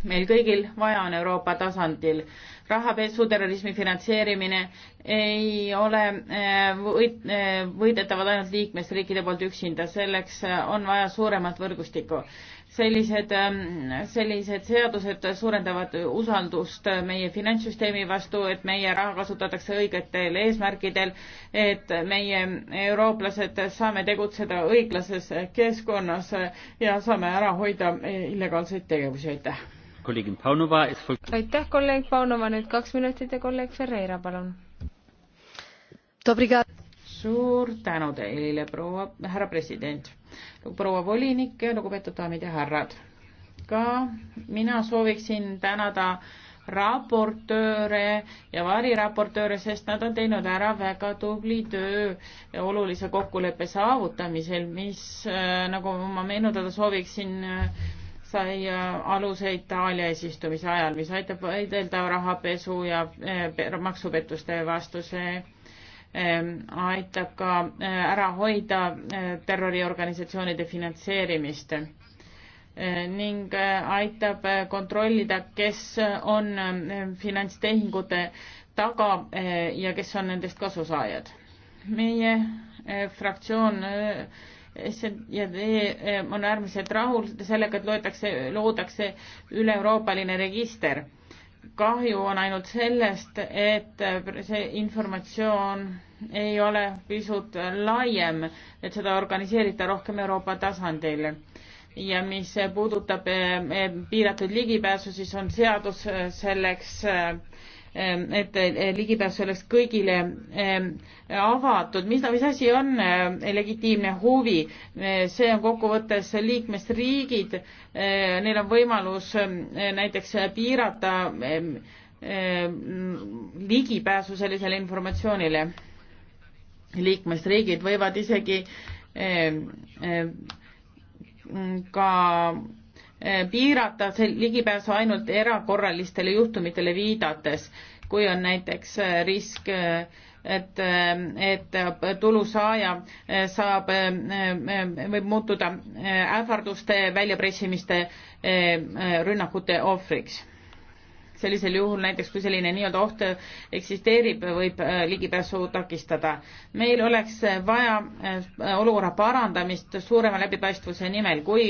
meil kõigil vaja on Euroopa tasandil. rahapesu, terrorismi finantseerimine ei ole eh, võit-, eh, võidetavad ainult liikmesriikide poolt üksinda, selleks on vaja suuremat võrgustikku sellised, ähm, sellised seadused suurendavad usaldust meie finantssüsteemi vastu, et meie raha kasutatakse õigetel eesmärkidel, et meie eurooplased saame tegutseda õiglases keskkonnas ja saame ära hoida illegaalseid tegevusi, aitäh. aitäh, kolleeg Paunova, nüüd kaks minutit ja kolleeg Ferreira, palun. suur tänu teile, proua, härra president proua volinik, lugupeetud daamid ja härrad. ka mina sooviksin tänada raportööre ja variraportööre, sest nad on teinud ära väga tubli töö olulise kokkuleppe saavutamisel, mis äh, nagu ma meenutada sooviksin, äh, sai äh, aluse Itaalia eesistumise ajal, mis aitab võidelda rahapesu ja maksupettuste vastuse Ehm, aitab ka eh, ära hoida eh, terroriorganisatsioonide finantseerimist ehm, ning eh, aitab kontrollida, kes on finantstehingute taga ja kes on nendest kasusaajad. meie fraktsioon SD on äärmiselt rahul sellega, et loetakse, loodakse üle-euroopaline register kahju on ainult sellest, et see informatsioon ei ole pisut laiem, et seda organiseerida rohkem Euroopa tasandil. ja mis puudutab eh, eh, piiratud ligipääsu, siis on seadus eh, selleks Ehm, et ligipääs oleks kõigile ehm, avatud. mis, mis asi on ehm, legitiimne huvi? see on kokkuvõttes liikmesriigid, neil on võimalus näiteks piirata ligipääsu sellisele informatsioonile. liikmesriigid võivad isegi ka Eh, piirata ligipääsu ainult erakorralistele juhtumitele viidates, kui on näiteks eh, risk, eh, et, et tulusaaja saab, võib muutuda ähvarduste, väljapressimiste, rünnakute ohvriks sellisel juhul näiteks, kui selline nii-öelda oht eksisteerib, võib äh, ligipääsu takistada. meil oleks vaja äh, olukorra parandamist suurema läbipaistvuse nimel, kui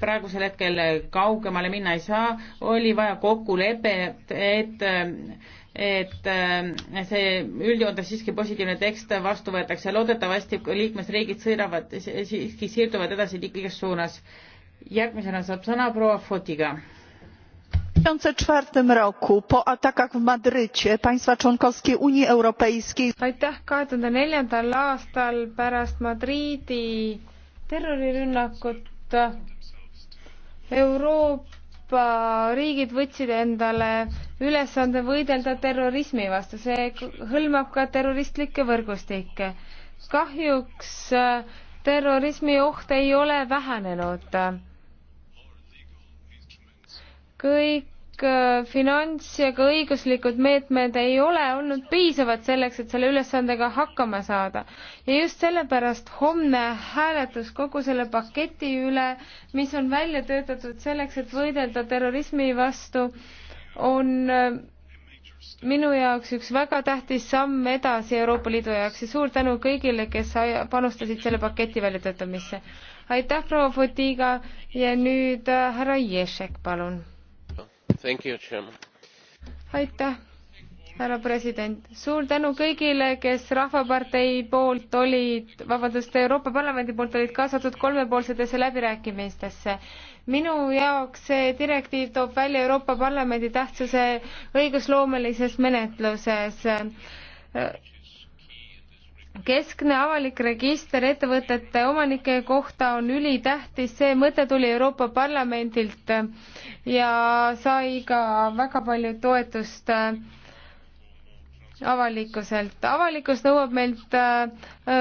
praegusel hetkel kaugemale minna ei saa, oli vaja kokkulepet, et et äh, see üldjoontes siiski positiivne tekst vastu võetakse, loodetavasti liikmesriigid sõidavad, siiski siirduvad edasi liiklikes suunas. järgmisena saab sõna proua Fotiga dwa tysiące cztery roku po atakach w madrycie państwa członkowskie unii europejskiej aastal pärast madridi terrorirünnakut euroopa riigid võtsid endale ülesande võidelda terrorismi vastu see hõlmab ka terroristlikke võrgustikke kahjuks terrorismi oht ei ole vähenenud kõik äh, finants ja ka õiguslikud meetmed ei ole olnud piisavad selleks, et selle ülesandega hakkama saada. ja just sellepärast homne hääletus kogu selle paketi üle, mis on välja töötatud selleks, et võidelda terrorismi vastu, on äh, minu jaoks üks väga tähtis samm edasi Euroopa Liidu jaoks ja suur tänu kõigile, kes panustasid selle paketi väljatöötamisse. aitäh, proua Fotiga ja nüüd äh, härra Ježek, palun aitäh, härra president. suur tänu kõigile, kes Rahvapartei poolt olid, vabandust, Euroopa Parlamendi poolt olid kaasatud kolmepoolsetesse läbirääkimistesse minu jaoks see direktiiv toob välja Euroopa Parlamendi tähtsuse õigusloomelises menetluses keskne avalik register ettevõtete omanike kohta on ülitähtis, see mõte tuli Euroopa Parlamendilt ja sai ka väga palju toetust äh, avalikkuselt. avalikkus nõuab meilt äh,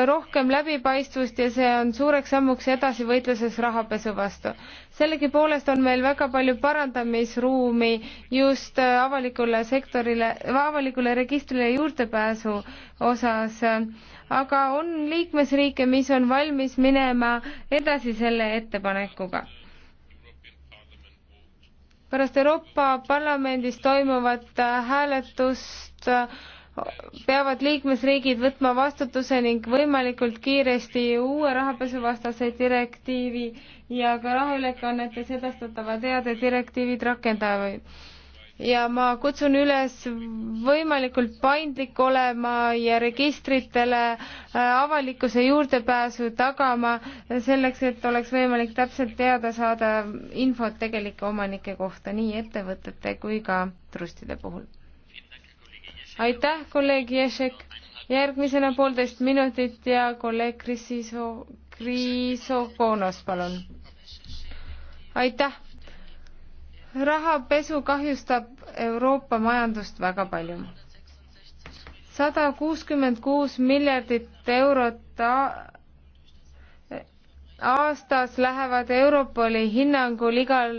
rohkem läbipaistvust ja see on suureks sammuks edasi võitluses rahapesu vastu. sellegipoolest on meil väga palju parandamisruumi just äh, avalikule sektorile, avalikule registrile juurdepääsu osas, aga on liikmesriike, mis on valmis minema edasi selle ettepanekuga pärast Euroopa Parlamendis toimuvat äh, hääletust äh, peavad liikmesriigid võtma vastutuse ning võimalikult kiiresti uue rahapesuvastase direktiivi ja ka rahaülekannetes edastatava teade direktiivid rakendama ja ma kutsun üles võimalikult paindlik olema ja registritele äh, avalikkuse juurdepääsu tagama selleks, et oleks võimalik täpselt teada saada infot tegelike omanike kohta nii ettevõtete kui ka trustide puhul aitäh, kolleeg Ježek. järgmisena poolteist minutit ja kolleeg Krisiso, Krisokonos, palun. aitäh. rahapesu kahjustab Euroopa majandust väga palju. sada kuuskümmend kuus miljardit eurot aastas lähevad Europoli hinnangul igal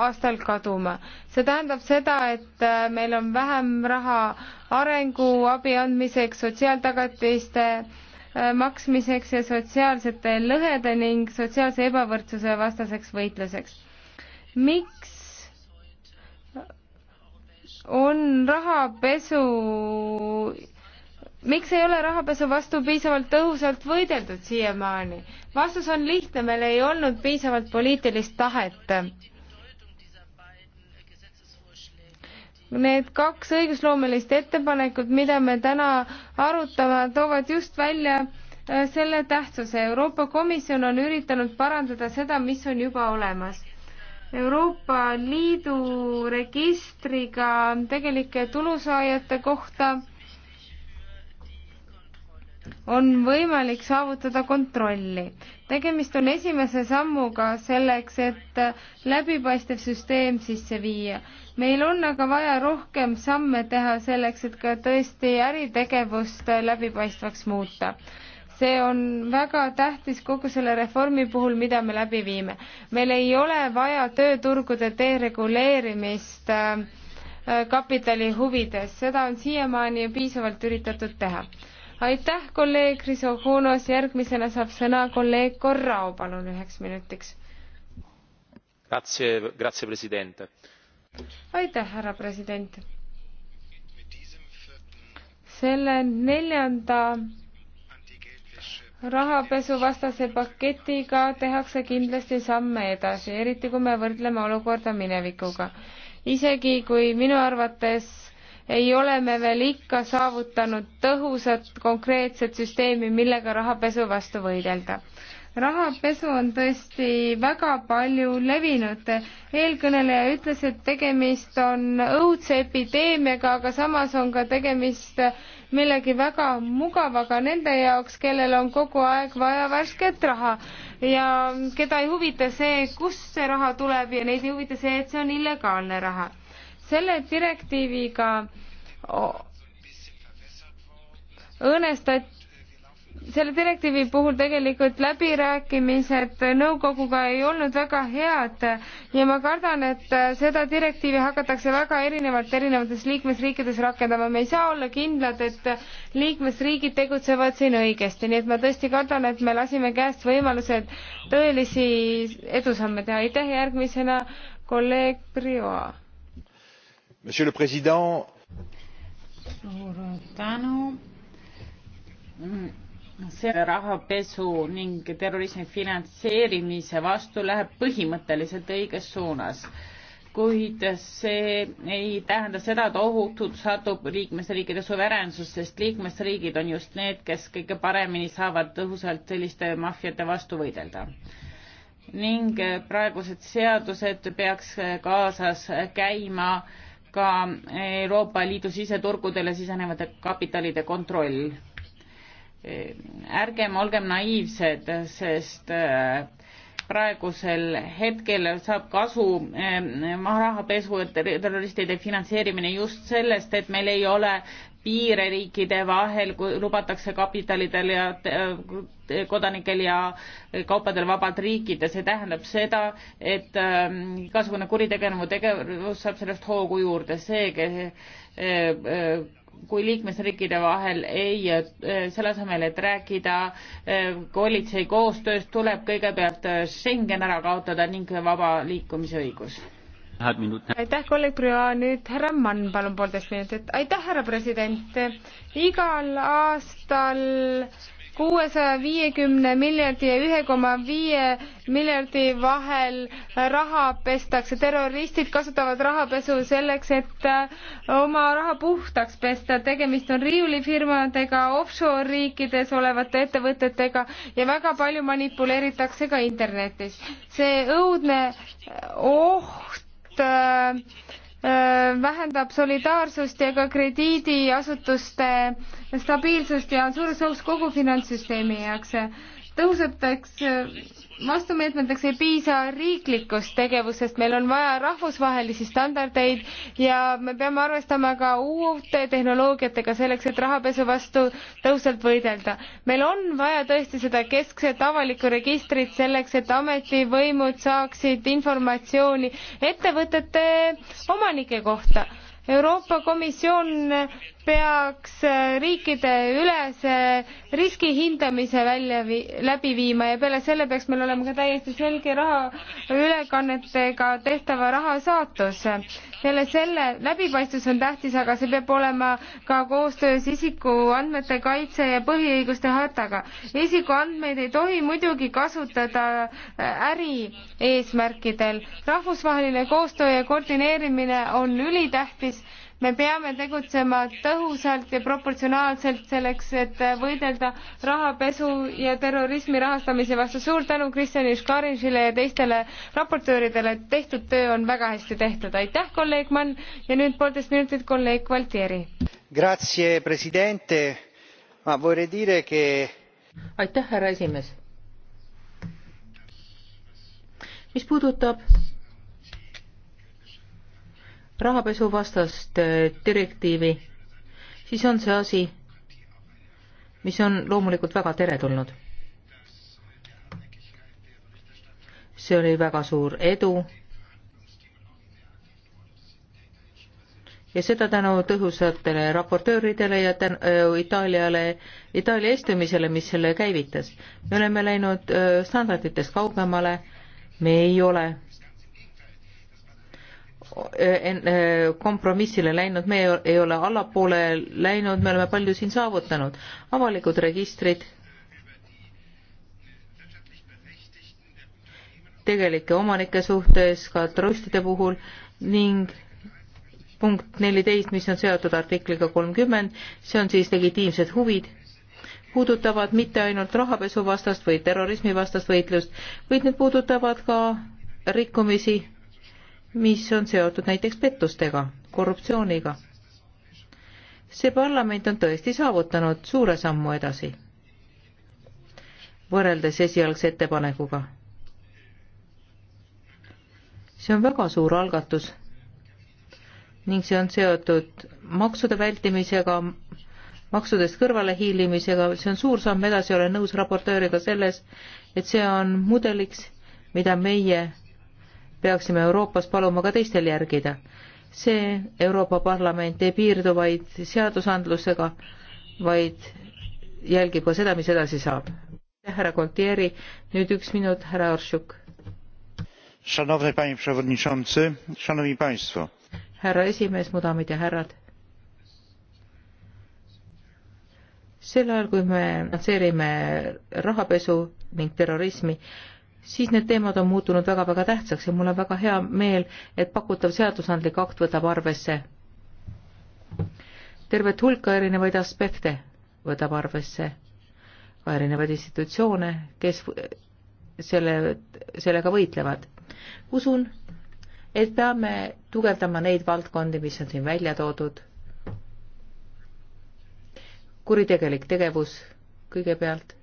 aastal kaduma. see tähendab seda, et äh, meil on vähem raha arenguabi andmiseks, sotsiaaltagatiste äh, maksmiseks ja sotsiaalsete lõhede ning sotsiaalse ebavõrdsuse vastaseks võitluseks. miks on rahapesu miks ei ole rahapesu vastu piisavalt tõhusalt võideldud siiamaani? vastus on lihtne, meil ei olnud piisavalt poliitilist tahet. Need kaks õigusloomelist ettepanekut, mida me täna arutame, toovad just välja äh, selle tähtsuse. Euroopa Komisjon on üritanud parandada seda, mis on juba olemas Euroopa Liidu registriga tegelike tulusaajate kohta on võimalik saavutada kontrolli. tegemist on esimese sammuga selleks, et läbipaistev süsteem sisse viia. meil on aga vaja rohkem samme teha selleks, et ka tõesti äritegevust läbipaistvaks muuta see on väga tähtis kogu selle reformi puhul, mida me läbi viime. meil ei ole vaja tööturgude dereguleerimist äh, kapitali huvides, seda on siiamaani piisavalt üritatud teha aitäh, kolleeg Krisofonos, järgmisena saab sõna kolleeg Korrao, palun üheks minutiks. aitäh, härra president. selle neljanda rahapesuvastase paketiga tehakse kindlasti samme edasi, eriti kui me võrdleme olukorda minevikuga. isegi kui minu arvates ei ole me veel ikka saavutanud tõhusat konkreetset süsteemi, millega rahapesu vastu võidelda. rahapesu on tõesti väga palju levinud. eelkõneleja ütles, et tegemist on õudse epideemiaga, aga samas on ka tegemist millegi väga mugavaga nende jaoks, kellel on kogu aeg vaja värsket raha ja keda ei huvita see, kust see raha tuleb ja neid ei huvita see, et see on illegaalne raha selle direktiiviga õõnestati selle direktiivi puhul tegelikult läbirääkimised nõukoguga ei olnud väga head ja ma kardan, et seda direktiivi hakatakse väga erinevalt erinevates liikmesriikides rakendama. me ei saa olla kindlad, et liikmesriigid tegutsevad siin õigesti, nii et ma tõesti kardan, et me lasime käest võimalused tõelisi edusamme teha. aitäh, järgmisena kolleeg Prioa monsieur le president suur tänu selle rahapesu ning terrorismi finantseerimise vastu läheb põhimõtteliselt õiges suunas kuid see ei tähenda seda et ohutult satub liikmesriikide suveräänsus sest liikmesriigid on just need kes kõige paremini saavad tõhusalt selliste maffiate vastu võidelda ning praegused seadused peaks kaasas käima äh, ka Euroopa Liidu siseturgudele sisenevate kapitalide kontroll. ärgem olgem naiivsed, sest äh, praegusel hetkel saab kasu äh, rahapesu terroristide finantseerimine just sellest, et meil ei ole piire riikide vahel, kui lubatakse kapitalidel ja äh, kodanikel ja kaupadel vabalt riikida, see tähendab seda, et ähm, igasugune kuritegevus, tegevus saab sellest hoogu juurde, see, äh, äh, kui liikmesriikide vahel ei, selle asemel, et rääkida politsei koostööst, tuleb kõigepealt Schengen ära kaotada ning vaba liikumise õigus aitäh, kolleeg Prüa, nüüd härra Mann, palun poolteist minutit. aitäh, härra president. igal aastal kuuesaja viiekümne miljardi ja ühe koma viie miljardi vahel raha pestakse. terroristid kasutavad rahapesu selleks, et oma raha puhtaks pesta. tegemist on riiulifirmadega, offshore riikides olevate ettevõtetega ja väga palju manipuleeritakse ka internetis. see õudne oht Äh, äh, vähendab solidaarsust ja ka krediidiasutuste stabiilsust ja on suures ohus kogu finantssüsteemi jaoks. tõusetaks vastumeetmeteks ei piisa riiklikust tegevusest, meil on vaja rahvusvahelisi standardeid ja me peame arvestama ka uute tehnoloogiatega selleks, et rahapesu vastu tõhusalt võidelda. meil on vaja tõesti seda keskset avalikku registrit selleks, et ametivõimud saaksid informatsiooni ettevõtete omanike kohta Euroopa Komisjon peaks riikide ülese riski hindamise välja vi läbi viima ja peale selle peaks meil olema ka täiesti selge raha ülekannetega tehtava raha saatus peale selle läbipaistvus on tähtis, aga see peab olema ka koostöös isikuandmete kaitse ja põhiõiguste hartaga. isikuandmeid ei tohi muidugi kasutada äh, ärieesmärkidel. rahvusvaheline koostöö ja koordineerimine on ülitähtis me peame tegutsema tõhusalt ja proportsionaalselt selleks, et võidelda rahapesu ja terrorismi rahastamise vastu. suur tänu Kristjan Iškarinšile ja teistele raportööridele, tehtud töö on väga hästi tehtud. aitäh, kolleeg Mann ja nüüd poolteist minutit kolleeg Valtieri. Grazie, president. Ma vorrei dire che... aitäh, härra esimees. mis puudutab rahapesuvastast äh, direktiivi, siis on see asi, mis on loomulikult väga teretulnud. see oli väga suur edu ja seda tänu tõhusatele raportööridele ja tän- äh, Itaaliale, Itaalia istumisele, mis selle käivitas. me oleme läinud äh, standarditest kaugemale, me ei ole kompromissile läinud, me ei ole allapoole läinud, me oleme palju siin saavutanud. avalikud registrid, tegelike omanike suhtes, ka trustide puhul ning punkt neliteist, mis on seotud artikliga kolmkümmend, see on siis legitiimsed huvid, puudutavad mitte ainult rahapesuvastast või terrorismivastast võitlust, vaid need puudutavad ka rikkumisi mis on seotud näiteks pettustega, korruptsiooniga. see parlament on tõesti saavutanud suure sammu edasi võrreldes esialgse ettepanekuga. see on väga suur algatus ning see on seotud maksude vältimisega, maksudest kõrvalehiilimisega, see on suur samm edasi, olen nõus raportööriga selles, et see on mudeliks, mida meie peaksime Euroopas paluma ka teistel järgida. see Euroopa Parlament ei piirdu vaid seadusandlusega, vaid jälgib ka seda, mis edasi saab. härra Gontieri, nüüd üks minut, härra Orsjuk. Szanowny panie przewodniczący, szanowni państwo. härra esimees, mu daamid ja härrad. sel ajal, kui me lansseerime rahapesu ning terrorismi, siis need teemad on muutunud väga-väga tähtsaks ja mul on väga hea meel, et pakutav seadusandlik akt võtab arvesse tervet hulka erinevaid aspekte, võtab arvesse ka erinevaid institutsioone, kes selle, sellega võitlevad. usun, et peame tugevdama neid valdkondi, mis on siin välja toodud. kuritegelik tegevus kõigepealt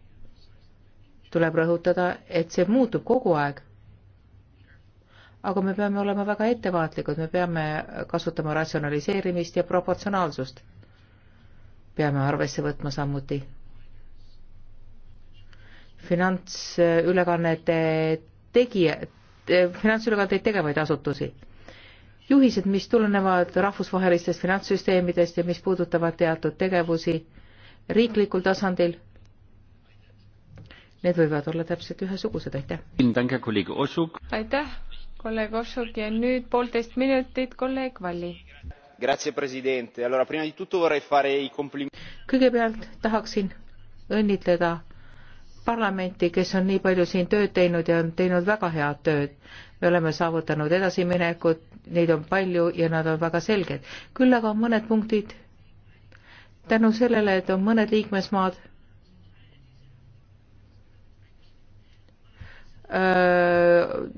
tuleb rõhutada, et see muutub kogu aeg. aga me peame olema väga ettevaatlikud, me peame kasutama ratsionaliseerimist ja proportsionaalsust. peame arvesse võtma samuti finantsülekannete tegija, finantsülekandeid tegevaid asutusi. juhised, mis tulenevad rahvusvahelistest finantssüsteemidest ja mis puudutavad teatud tegevusi riiklikul tasandil need võivad olla täpselt ühesugused, aitäh. aitäh, kolleeg Ossuk ja nüüd poolteist minutit, kolleeg Valli. Allora, kõigepealt tahaksin õnnitleda parlamenti, kes on nii palju siin tööd teinud ja on teinud väga head tööd. me oleme saavutanud edasiminekut, neid on palju ja nad on väga selged. küll aga on mõned punktid tänu sellele, et on mõned liikmesmaad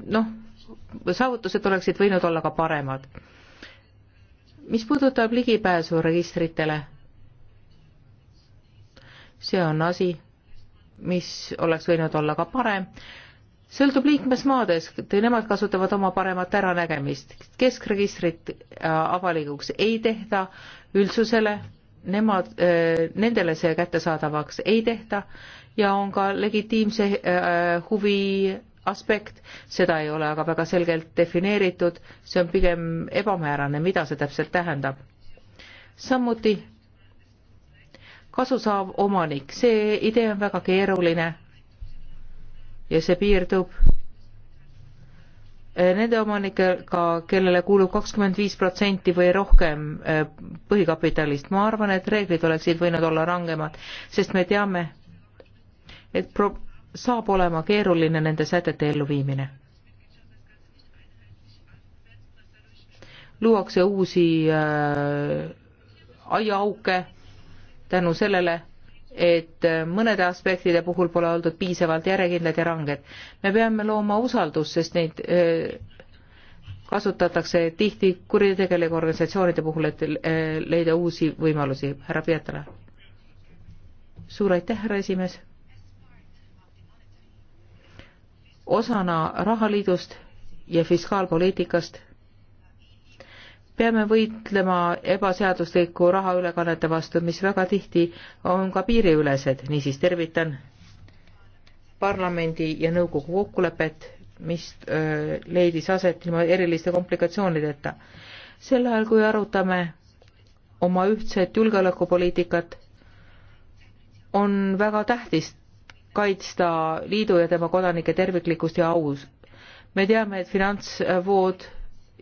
noh, saavutused oleksid võinud olla ka paremad. mis puudutab ligipääsu registritele, see on asi, mis oleks võinud olla ka parem, sõltub liikmesmaades, nemad kasutavad oma paremat äranägemist. keskregistrit äh, avalikuks ei tehta üldsusele, nemad, äh, nendele see kättesaadavaks ei tehta ja on ka legitiimse äh, huvi aspekt, seda ei ole aga väga selgelt defineeritud, see on pigem ebamäärane, mida see täpselt tähendab. samuti kasusaav omanik, see idee on väga keeruline ja see piirdub äh, nende omanikega, kellele kuulub kakskümmend viis protsenti või rohkem äh, põhikapitalist. ma arvan, et reeglid oleksid võinud olla rangemad, sest me teame, et pro-, saab olema keeruline nende sätete elluviimine. luuakse uusi äh, aiaauke tänu sellele, et äh, mõnede aspektide puhul pole oldud piisavalt järjekindlad ja ranged. me peame looma usaldust, sest neid äh, kasutatakse tihti kuritegelike organisatsioonide puhul, et äh, leida uusi võimalusi. härra Pietala. suur aitäh, härra esimees osana rahaliidust ja fiskaalpoliitikast peame võitlema ebaseadusliku rahaülekannete vastu, mis väga tihti on ka piiriülesed, niisiis tervitan parlamendi ja nõukogu kokkulepet, mis öö, leidis aset ilma eriliste komplikatsioonideta. sel ajal, kui arutame oma ühtset julgeolekupoliitikat, on väga tähtis kaitsta liidu ja tema kodanike terviklikkust ja aus. me teame, et finantsvood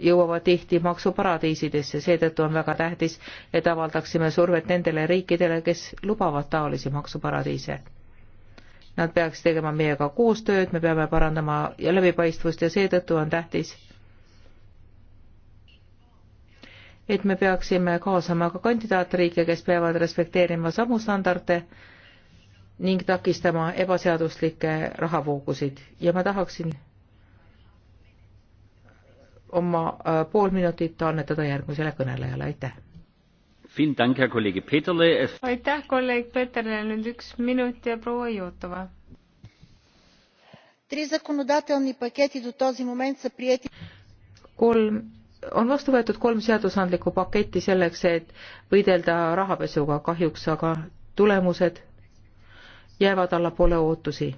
jõuavad tihti maksuparadiisidesse, seetõttu on väga tähtis, et avaldaksime survet nendele riikidele, kes lubavad taolisi maksuparadiise. Nad peaks tegema meiega koostööd, me peame parandama läbipaistvust ja seetõttu on tähtis, et me peaksime kaasama ka kandidaatriike, kes peavad respekteerima samu standarde ning takistama ebaseaduslikke rahavoogusid ja ma tahaksin oma äh, pool minutit annetada järgmisele kõnelejale, aitäh. aitäh kolleeg Peterle, nüüd üks minut ja proua Jutova. kolm, on vastu võetud kolm seadusandlikku paketti selleks, et võidelda rahapesuga, kahjuks aga tulemused jäävad allapoole ootusi.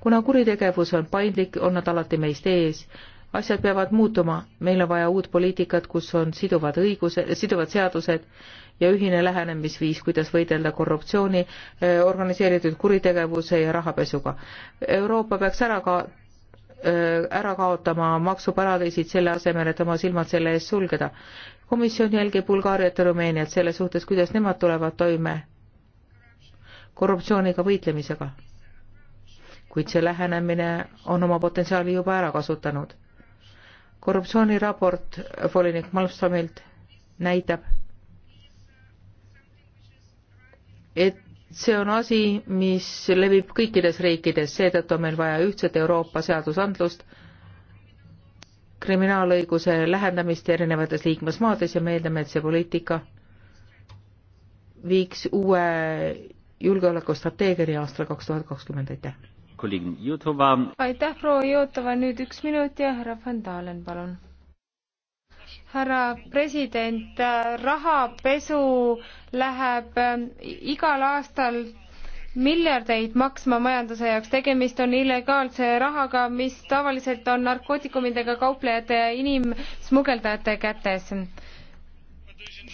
kuna kuritegevus on paindlik, on nad alati meist ees. asjad peavad muutuma, meil on vaja uut poliitikat, kus on siduvad õigused, siduvad seadused ja ühine lähenemisviis, kuidas võidelda korruptsiooni, eh, organiseeritud kuritegevuse ja rahapesuga. Euroopa peaks ära ka eh, ära kaotama maksuparadiisid selle asemel, et oma silmad selle eest sulgeda. komisjon jälgib Bulgaariat ja Rumeeniat selle suhtes, kuidas nemad tulevad toime korruptsiooniga võitlemisega. kuid see lähenemine on oma potentsiaali juba ära kasutanud. korruptsiooniraport volinik Malmströmilt näitab, et see on asi, mis levib kõikides riikides, seetõttu on meil vaja ühtset Euroopa seadusandlust, kriminaalõiguse lähendamist erinevates liikmesmaades ja me eeldame, et see poliitika viiks uue julgeolekustrateegia aastal kaks tuhat kakskümmend, aitäh! aitäh, proua Jutova, nüüd üks minut ja härra Van Dalen, palun. härra president, rahapesu läheb äh, igal aastal miljardeid maksma majanduse jaoks, tegemist on illegaalse rahaga, mis tavaliselt on narkootikumidega kauplejate ja inimsmugeldajate kätes.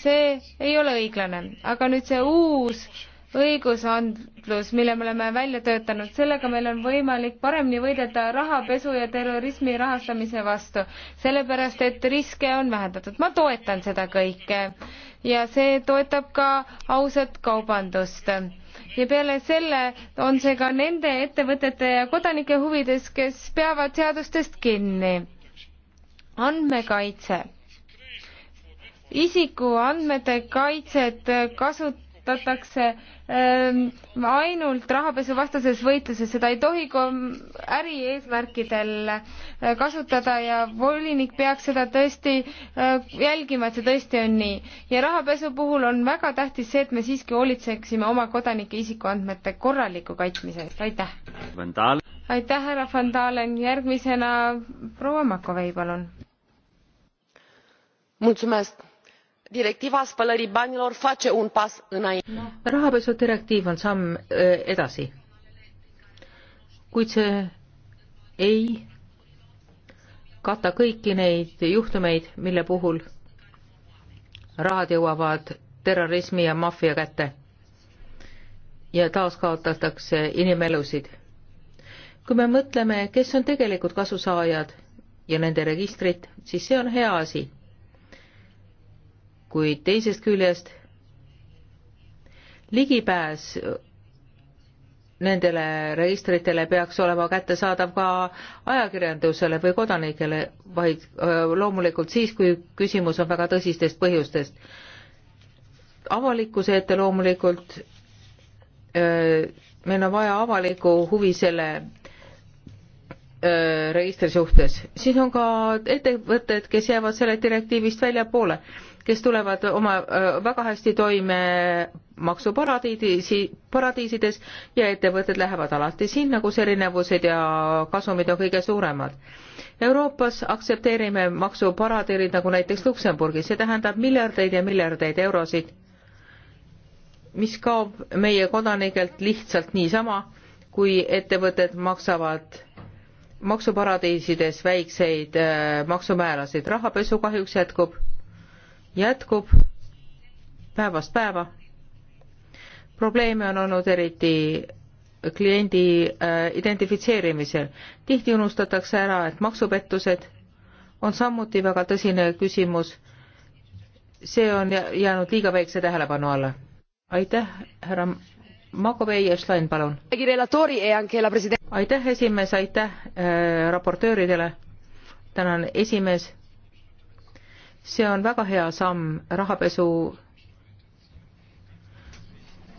see ei ole õiglane, aga nüüd see uus õigusandlus, mille me oleme välja töötanud, sellega meil on võimalik paremini võidelda rahapesu ja terrorismi rahastamise vastu, sellepärast et riske on vähendatud. ma toetan seda kõike ja see toetab ka ausat kaubandust ja peale selle on see ka nende ettevõtete ja kodanike huvides, kes peavad seadustest kinni. andmekaitse. isikuandmete kaitset kasut-, kasutatakse ähm, ainult rahapesuvastases võitluses, seda ei tohi ärieesmärkidel äh, kasutada ja volinik peaks seda tõesti äh, jälgima, et see tõesti on nii. ja rahapesu puhul on väga tähtis see, et me siiski hoolitseksime oma kodanike isikuandmete korraliku kaitsmise eest, aitäh! aitäh, härra Van Dalen, järgmisena proua Makovei, palun! mulțumesc direktiiva spălării banilor face un pas înainte. rahapesudirektiiv on samm edasi kuid see ei kata kõiki neid juhtumeid mille puhul rahad jõuavad terrorismi ja maffia kätte ja taaskaotatakse inimelusid. kui me mõtleme, kes on tegelikult kasusaajad ja nende registrid, siis see on hea asi kuid teisest küljest ligipääs nendele registritele peaks olema kättesaadav ka ajakirjandusele või kodanikele, vaid loomulikult siis, kui küsimus on väga tõsistest põhjustest. avalikkuse ette loomulikult meil on vaja avalikku huvi selle registri suhtes, siis on ka ettevõtted, kes jäävad selle direktiivist väljapoole kes tulevad oma väga hästi toime maksuparadiisi, paradiisides ja ettevõtted lähevad alati sinna, kus erinevused ja kasumid on kõige suuremad. Euroopas aktsepteerime maksuparadiirid nagu näiteks Luksemburgis, see tähendab miljardeid ja miljardeid eurosid, mis kaob meie kodanikelt lihtsalt niisama, kui ettevõtted maksavad maksuparadiisides väikseid äh, maksumäärasid. rahapesu kahjuks jätkub jätkub päevast päeva. probleeme on olnud eriti kliendi äh, identifitseerimisel. tihti unustatakse ära, et maksupettused on samuti väga tõsine küsimus. see on jäänud liiga väikse tähelepanu alla. aitäh, härra Makovei ja Schlein, palun. aitäh, esimees, aitäh äh, raportööridele. tänan, esimees see on väga hea samm rahapesu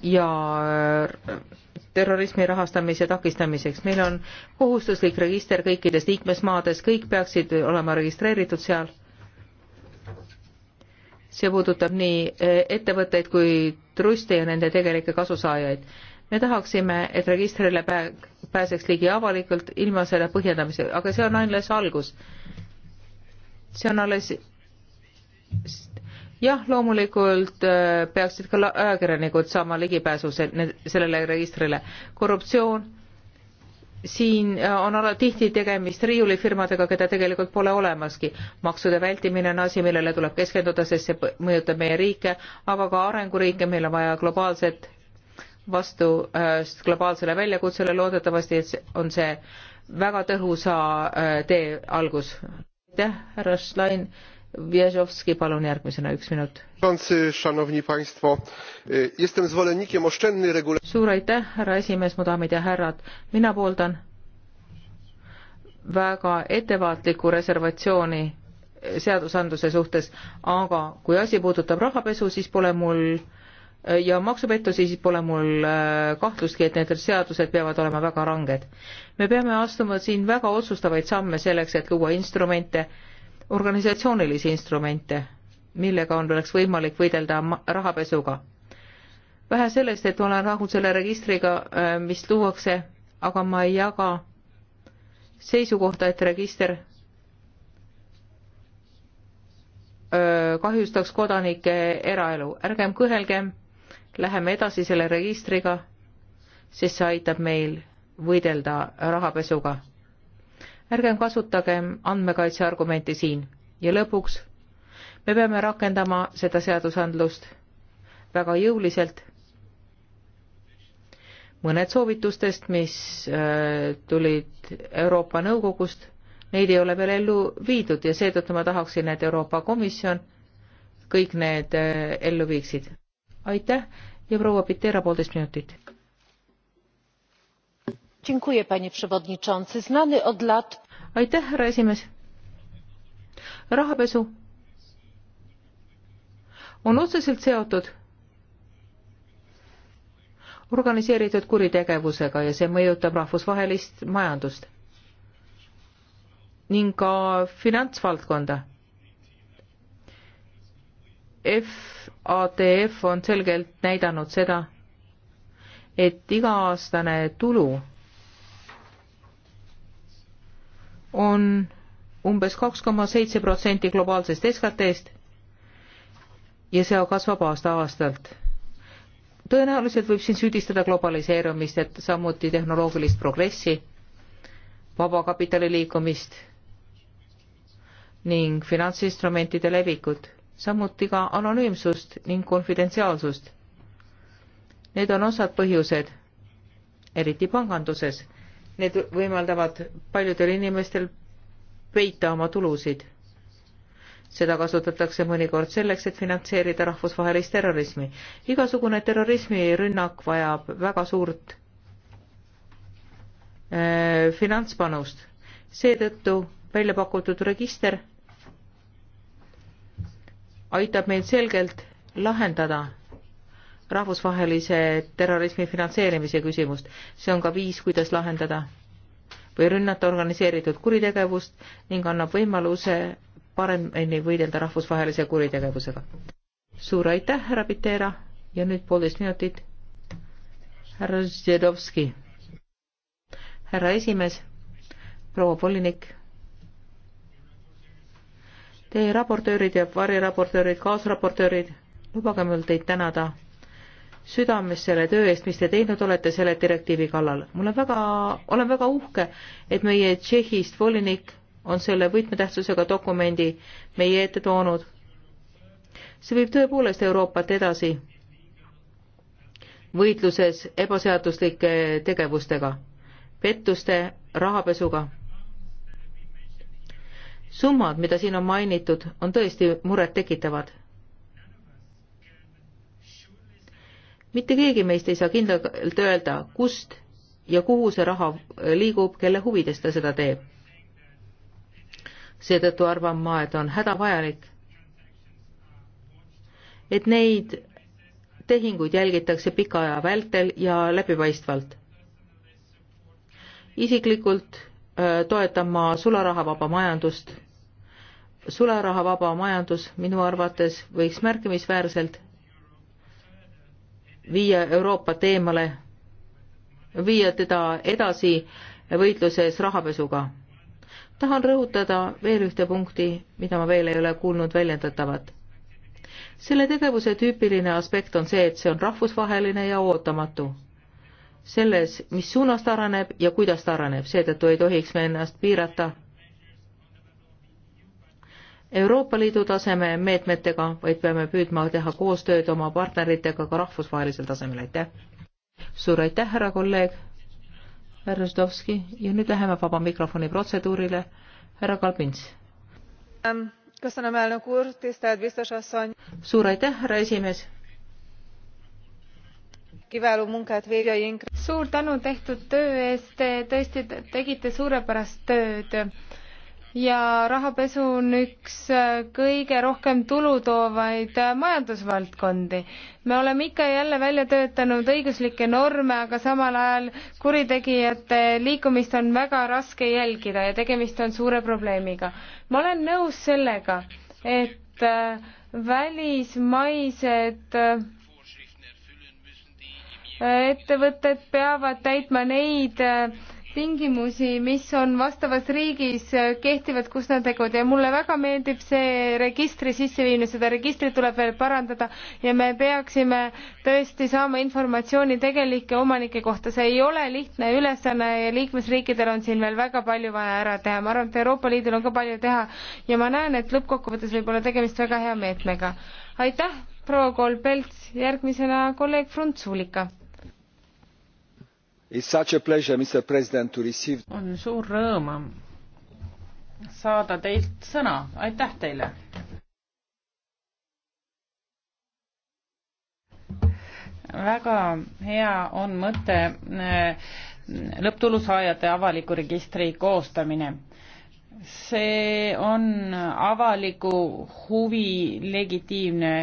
ja äh, terrorismi rahastamise takistamiseks. meil on kohustuslik register kõikides liikmesmaades, kõik peaksid olema registreeritud seal. see puudutab nii äh, ettevõtteid kui truste ja nende tegelikke kasusaajaid. me tahaksime, et registrile pää-, pääseks ligi avalikult ilma selle põhjendamisega, aga see on alles algus. see on alles jah, loomulikult äh, peaksid ka ajakirjanikud saama ligipääsu sellele registrile. korruptsioon, siin äh, on ala tihti tegemist riiulifirmadega, keda tegelikult pole olemaski. maksude vältimine on asi, millele tuleb keskenduda, sest see mõjutab meie riike, aga ka arenguriike, meil on vaja globaalset vastu äh, globaalsele väljakutsele, loodetavasti on see väga tõhusa tee algus. aitäh, härra Schlein Wierzowski, palun järgmisena üks minut. suur aitäh, härra esimees, mu daamid ja härrad, mina pooldan väga ettevaatlikku reservatsiooni seadusandluse suhtes, aga kui asi puudutab rahapesu, siis pole mul ja maksupettusi, siis pole mul äh, kahtlustki, et need seadused peavad olema väga ranged. me peame astuma siin väga otsustavaid samme selleks, et luua instrumente, organisatsioonilisi instrumente, millega on, oleks võimalik võidelda rahapesuga. vähe sellest, et olen rahul selle registriga, äh, mis luuakse, aga ma ei jaga seisukohta, et register äh, kahjustaks kodanike eraelu. ärgem kõhelgem, läheme edasi selle registriga, sest see aitab meil võidelda rahapesuga ärgem kasutagem andmekaitse argumenti siin. ja lõpuks, me peame rakendama seda seadusandlust väga jõuliselt. mõned soovitustest, mis äh, tulid Euroopa Nõukogust, neid ei ole veel ellu viidud ja seetõttu ma tahaksin, et Euroopa Komisjon kõik need äh, ellu viiksid. aitäh ja proua Pitera poolteist minutit aitäh härra esimees rahapesu on otseselt seotud organiseeritud kuritegevusega ja see mõjutab rahvusvahelist majandust ning ka finantsvaldkonda. FATF on selgelt näidanud seda, et iga-aastane tulu on umbes kaks koma seitse protsenti globaalsest SKT-st ja see kasvab aasta-aastalt. tõenäoliselt võib siin süüdistada globaliseerumist, et samuti tehnoloogilist progressi, vabakapitali liikumist ning finantsinstrumentide levikut, samuti ka anonüümsust ning konfidentsiaalsust. Need on osad põhjused, eriti panganduses Need võimaldavad paljudel inimestel peita oma tulusid. seda kasutatakse mõnikord selleks, et finantseerida rahvusvahelist terrorismi. igasugune terrorismirünnak vajab väga suurt äh, finantspanust. seetõttu välja pakutud register aitab meil selgelt lahendada rahvusvahelise terrorismi finantseerimise küsimust. see on ka viis, kuidas lahendada või rünnata organiseeritud kuritegevust ning annab võimaluse paremini võidelda rahvusvahelise kuritegevusega. suur aitäh, härra Pitera ja nüüd poolteist minutit. härra Zedovski. härra esimees, proua volinik Teie raportöörid ja variraportöörid, kaasraportöörid, lubage mul teid tänada südames selle töö eest, mis te teinud olete selle direktiivi kallal. mul on väga, olen väga uhke, et meie Tšehhist volinik on selle võtmetähtsusega dokumendi meie ette toonud. see viib tõepoolest Euroopat edasi võitluses ebaseaduslike tegevustega, pettuste, rahapesuga. summad, mida siin on mainitud, on tõesti murettekitavad mitte keegi meist ei saa kindlalt öelda, kust ja kuhu see raha liigub, kelle huvides ta seda teeb. seetõttu arvan ma, et on hädavajalik, et neid tehinguid jälgitakse pika aja vältel ja läbipaistvalt. isiklikult äh, toetan ma sularahavaba majandust. sularahavaba majandus minu arvates võiks märkimisväärselt viia Euroopat eemale, viia teda edasi võitluses rahapesuga. tahan rõhutada veel ühte punkti, mida ma veel ei ole kuulnud väljendatavat. selle tegevuse tüüpiline aspekt on see, et see on rahvusvaheline ja ootamatu. selles, mis suunas ta areneb ja kuidas ta areneb, seetõttu ei tohiks me ennast piirata Euroopa Liidu taseme meetmetega, vaid peame püüdma teha koostööd oma partneritega ka rahvusvahelisel tasemel, aitäh! suur aitäh, härra kolleeg härra Ždovski ja nüüd läheme vaba mikrofoni protseduurile, härra Kalbins. Um, suur aitäh, härra esimees! suur tänu tehtud töö eest, te tõesti tegite suurepärast tööd ja rahapesu on üks äh, kõige rohkem tulu toovaid äh, majandusvaldkondi. me oleme ikka ja jälle välja töötanud õiguslikke norme, aga samal ajal kuritegijate liikumist on väga raske jälgida ja tegemist on suure probleemiga. ma olen nõus sellega, et äh, välismaised ettevõtted peavad täitma neid tingimusi, mis on vastavas riigis äh, kehtivad, kus nad teguvad ja mulle väga meeldib see registri sisseviimine, seda registrit tuleb veel parandada ja me peaksime tõesti saama informatsiooni tegelike omanike kohta, see ei ole lihtne ülesanne ja liikmesriikidel on siin veel väga palju vaja ära teha, ma arvan, et Euroopa Liidul on ka palju teha ja ma näen, et lõppkokkuvõttes võib olla tegemist väga hea meetmega. aitäh, proua Kolbelts, järgmisena kolleeg Frunzulika Pleasure, receive... on suur rõõm saada teilt sõna, aitäh teile. väga hea on mõte eh, lõpptulusaajate avaliku registri koostamine see on avaliku huvi legitiimne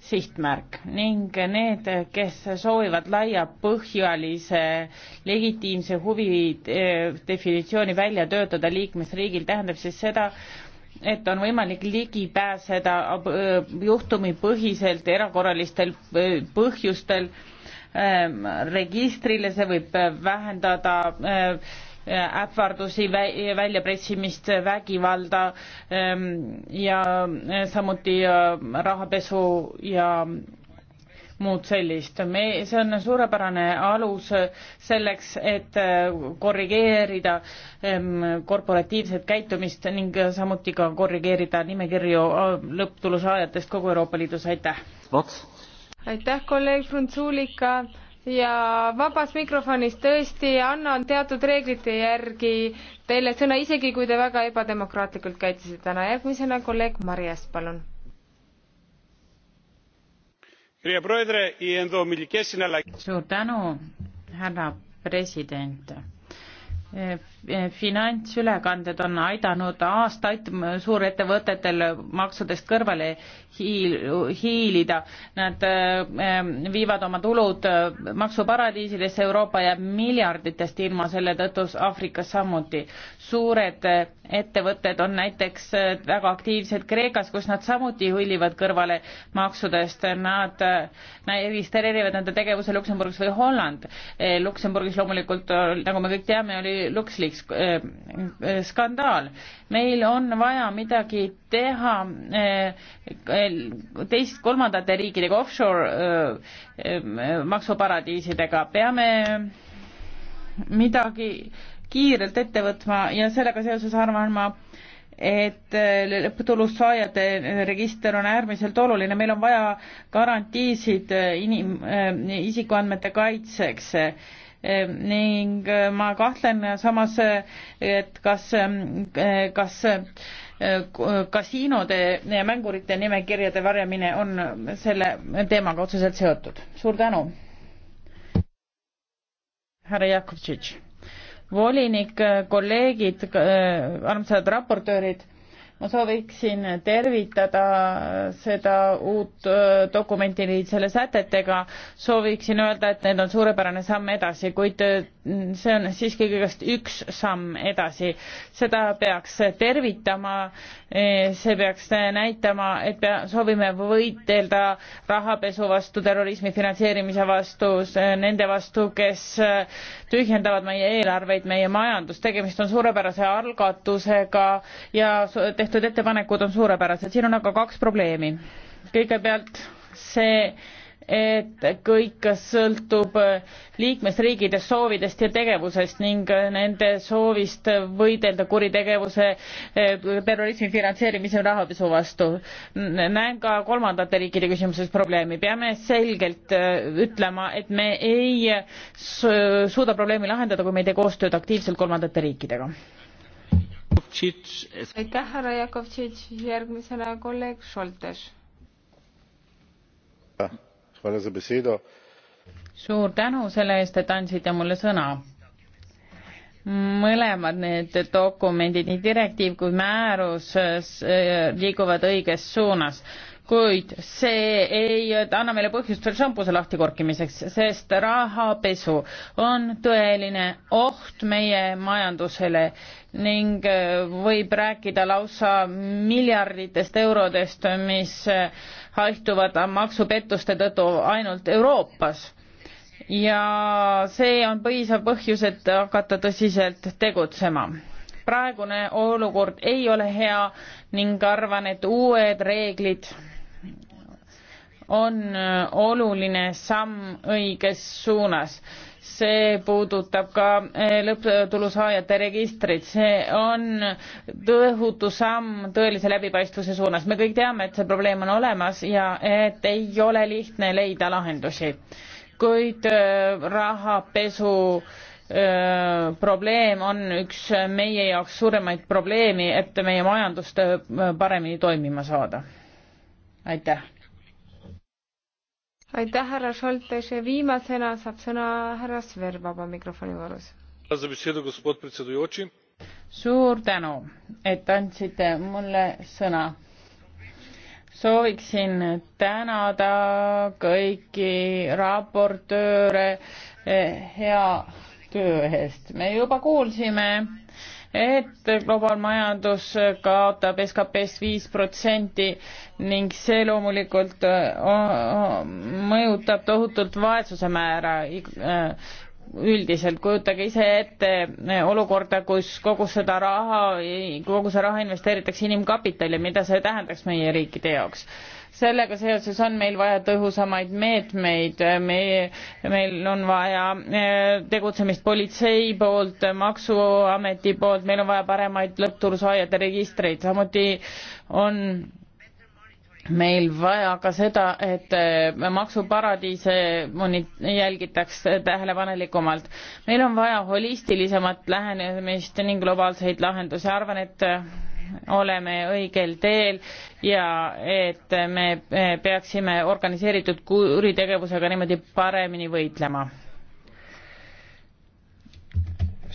sihtmärk ning need, kes soovivad laiapõhjalise legitiimse huvi eh, definitsiooni välja töötada liikmesriigil, tähendab siis seda, et on võimalik ligi pääseda eh, juhtumipõhiselt erakorralistel eh, põhjustel registrile, see võib vähendada ähvardusi, väljapressimist, vägivalda ähm, ja äh, samuti äh, rahapesu ja muud sellist. me, see on suurepärane alus selleks, et äh, korrigeerida ähm, korporatiivset käitumist ning samuti ka korrigeerida nimekirju lõpptulu saajatest kogu Euroopa Liidus, aitäh! aitäh, kolleeg Frunzulika! ja vabas mikrofonis tõesti annan teatud reeglite järgi teile sõna, isegi kui te väga ebademokraatlikult käitusite täna. järgmisena kolleeg Marias, palun. suur tänu, härra president finantsülekanded on aidanud aastaid suurettevõtetel maksudest kõrvale hiil, hiilida. Nad äh, viivad oma tulud äh, maksuparadiisidesse, Euroopa jääb miljarditest ilma, selle tõttu Aafrikas samuti. suured äh, ettevõtted on näiteks väga aktiivsed Kreekas, kus nad samuti hiilivad kõrvale maksudest, nad, nad registreerivad nende tegevuse Luksemburgis või Holland. Luksemburgis loomulikult, nagu me kõik teame, oli Luxleaks täielik äh, äh, skandaal. meil on vaja midagi teha äh, teist, kolmandate riikidega, offshore maksuparadiisidega, peame midagi kiirelt ette võtma ja sellega seoses arvan ma, et lõpptulust saajate register on äärmiselt oluline, meil on vaja garantiisid inim-, isikuandmete kaitseks Ehm, ning äh, ma kahtlen samas, äh, et kas, ähm, äh, kas kasiinode ja mängurite nimekirjade varjamine on selle teemaga otseselt seotud. suur tänu. härra Jakovtšitš, volinik, kolleegid, armsad raportöörid ma sooviksin tervitada seda uut äh, dokumenti selle sätetega, sooviksin öelda, et need on suurepärane samm edasi, kuid äh, see on siiski kõigest üks samm edasi. seda peaks tervitama, äh, see peaks näitama, et pea, soovime võitelda rahapesu vastu, terrorismi finantseerimise vastu, nende vastu, kes tühjendavad meie eelarveid, meie majandust, tegemist on suurepärase algatusega ja tehtud tehtud ettepanekud on suurepärased, siin on aga kaks probleemi. kõigepealt see, et kõik sõltub liikmesriigide soovidest ja tegevusest ning nende soovist võidelda kuritegevuse, terrorismi finantseerimise ja rahapesu vastu. näen ka kolmandate riikide küsimuses probleemi. peame selgelt ütlema, et me ei suuda probleemi lahendada, kui me ei tee koostööd aktiivselt kolmandate riikidega Jakovtšitš. aitäh, härra Jakovtšitš, järgmisena kolleeg Šoltes. Ah, suur tänu selle eest, et andsite mulle sõna mõlemad need dokumendid, nii direktiiv kui määrus liiguvad õiges suunas kuid see ei anna meile põhjust veel šampuse lahtikorkimiseks, sest rahapesu on tõeline oht meie majandusele ning äh, võib rääkida lausa miljarditest eurodest, mis äh, haihtuvad maksupettuste tõttu ainult Euroopas. ja see on piisav põhjus, et hakata tõsiselt tegutsema praegune olukord ei ole hea ning arvan, et uued reeglid on äh, oluline samm õiges suunas. see puudutab ka äh, lõpptulu saajate registrit, see on tõhutu samm tõelise läbipaistvuse suunas. me kõik teame, et see probleem on olemas ja et ei ole lihtne leida lahendusi, kuid äh, rahapesu probleem on üks meie jaoks suuremaid probleemi, et meie majandust paremini toimima saada. aitäh aitäh, härra Šoltes ja viimasena saab sõna härra Sver vaba mikrofoni voorus. suur tänu, et andsite mulle sõna. sooviksin tänada kõiki raportööre eh, hea töö eest. me juba kuulsime et globaalmajandus kaotab SKP-st viis protsenti ning see loomulikult mõjutab tohutult vaesuse määra äh, üldiselt, kujutage ise ette äh, olukorda, kus kogu seda raha, kogu see raha investeeritakse inimkapitali, mida see tähendaks meie riikide jaoks sellega seoses on meil vaja tõhusamaid meetmeid, meie, meil on vaja eh, tegutsemist politsei poolt, Maksuameti poolt, meil on vaja paremaid lõppturusaajate registreid, samuti on meil vaja ka seda, et eh, maksuparadiise jälgitaks tähelepanelikumalt. meil on vaja holistilisemat lähenemist ning globaalseid lahendusi, arvan, et oleme õigel teel ja et me eh, peaksime organiseeritud kuritegevusega niimoodi paremini võitlema.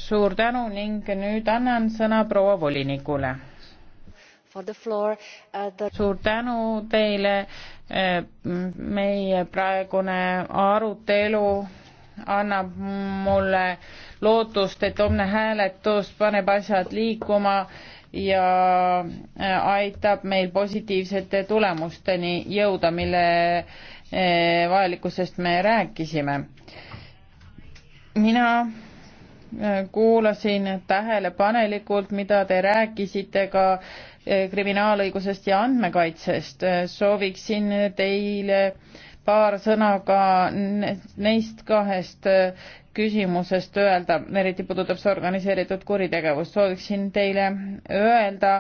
suur tänu ning nüüd annan sõna proua volinikule. Floor, uh, the... suur tänu teile. Eh, meie praegune arutelu annab mulle lootust, et homne hääletus paneb asjad liikuma ja äh, aitab meil positiivsete tulemusteni jõuda, mille äh, vajalikkusest me rääkisime. mina äh, kuulasin tähelepanelikult, mida te rääkisite ka kriminaalõigusest ja andmekaitsest. sooviksin teile paar sõna ka neist kahest küsimusest öelda, eriti puudutab see organiseeritud kuritegevust. sooviksin teile öelda,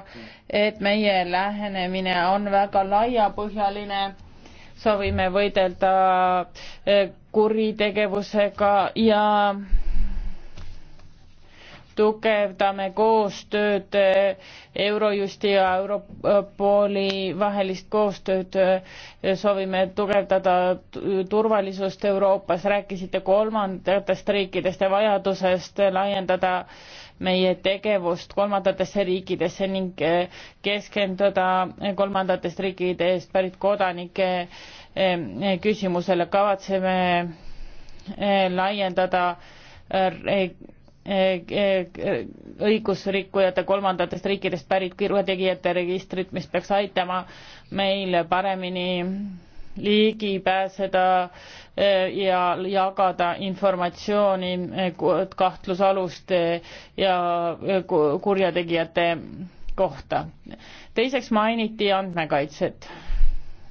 et meie lähenemine on väga laiapõhjaline. soovime võidelda eh, kuritegevusega ja tugevdame koostööd eh, Eurojusti ja Europoli vahelist koostööd, eh, soovime tugevdada turvalisust Euroopas, rääkisite kolmandatest riikidest ja vajadusest laiendada meie tegevust kolmandatesse riikidesse ning eh, keskenduda kolmandatest riikidest pärit kodanike küsimusele, kavatseme laiendada õigusrikkujate kolmandatest riikidest pärit kirvategijate registrit, mis peaks aitama meil paremini ligi pääseda e, ja jagada informatsiooni e, kahtlusaluste ja e, kurjategijate kohta. teiseks mainiti andmekaitset.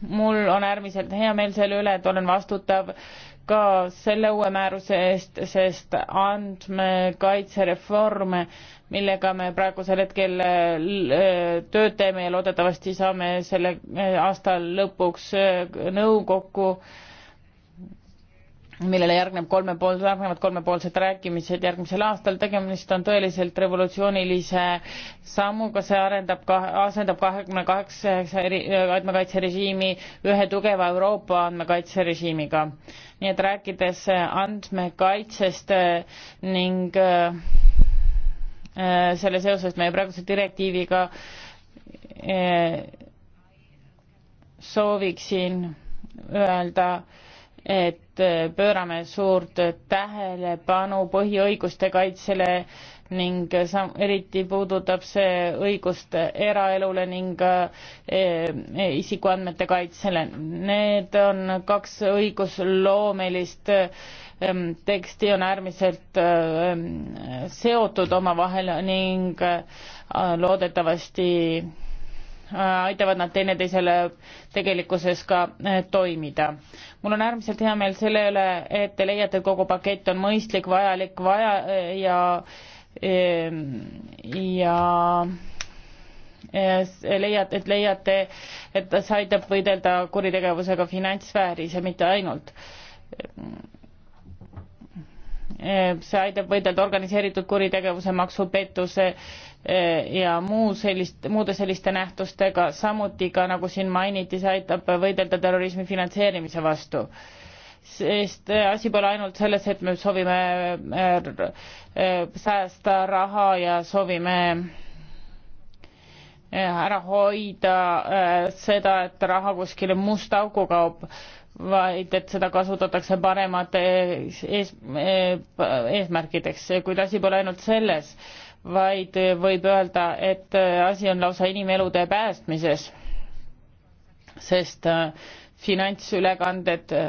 mul on äärmiselt hea meel selle üle, et olen vastutav ka selle uue määruse eest, sest andmekaitsereform, millega me praegusel hetkel äh, tööd teeme ja loodetavasti saame selle äh, aasta lõpuks äh, nõukokku millele järgneb kolmepool, järgnevad kolmepoolsed rääkimised järgmisel aastal. tegemist on tõeliselt revolutsioonilise sammuga, see arendab ka, asendab kahekümne kaheksa eri, andmekaitserežiimi ühe tugeva Euroopa andmekaitserežiimiga. nii et rääkides andmekaitsest eh, ning äh, selle seoses meie praeguse direktiiviga äh, sooviksin öelda, et Äh, pöörame suurt tähelepanu põhiõiguste kaitsele ning äh, eriti puudutab see õigust eraelule ning äh, e-, isikuandmete kaitsele. Need on kaks õigusloomelist ähm, teksti on äärmiselt ähm, seotud omavahel ning loodetavasti Äh, aitavad nad teineteisele tegelikkuses ka äh, toimida. mul on äärmiselt hea meel selle üle, et te leiate, et kogu pakett on mõistlik, vajalik, vaja äh, ja ja leiad, et leiate, et see aitab võidelda kuritegevusega finantssfääris ja mitte ainult Eh, see aitab võidelda organiseeritud kuritegevuse, maksupettuse eh, ja muu sellist, muude selliste nähtustega, samuti ka nagu siin mainiti, see aitab võidelda terrorismi finantseerimise vastu. sest eh, asi pole ainult selles, et me soovime säästa raha ja soovime ära hoida seda, et raha kuskile musta auku kaob vaid et seda kasutatakse paremate ees, eh, eesmärkideks, kuid asi pole ainult selles, vaid võib öelda, et asi on lausa inimelude päästmises, sest eh, finantsülekanded äh,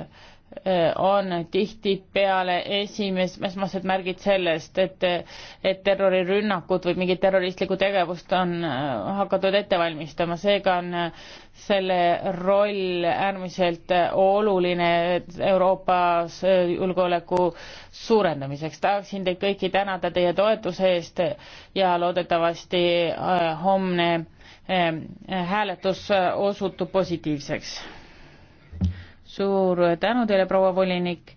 Äh, on tihtipeale esimes-, esmased märgid sellest, et, et terrorirünnakud või mingit terroristlikku tegevust on äh, hakatud ette valmistama, seega on äh, selle roll äärmiselt oluline Euroopas julgeoleku suurendamiseks. tahaksin teid kõiki tänada teie toetuse eest ja loodetavasti homne hääletus osutub positiivseks suur tänu teile, proua volinik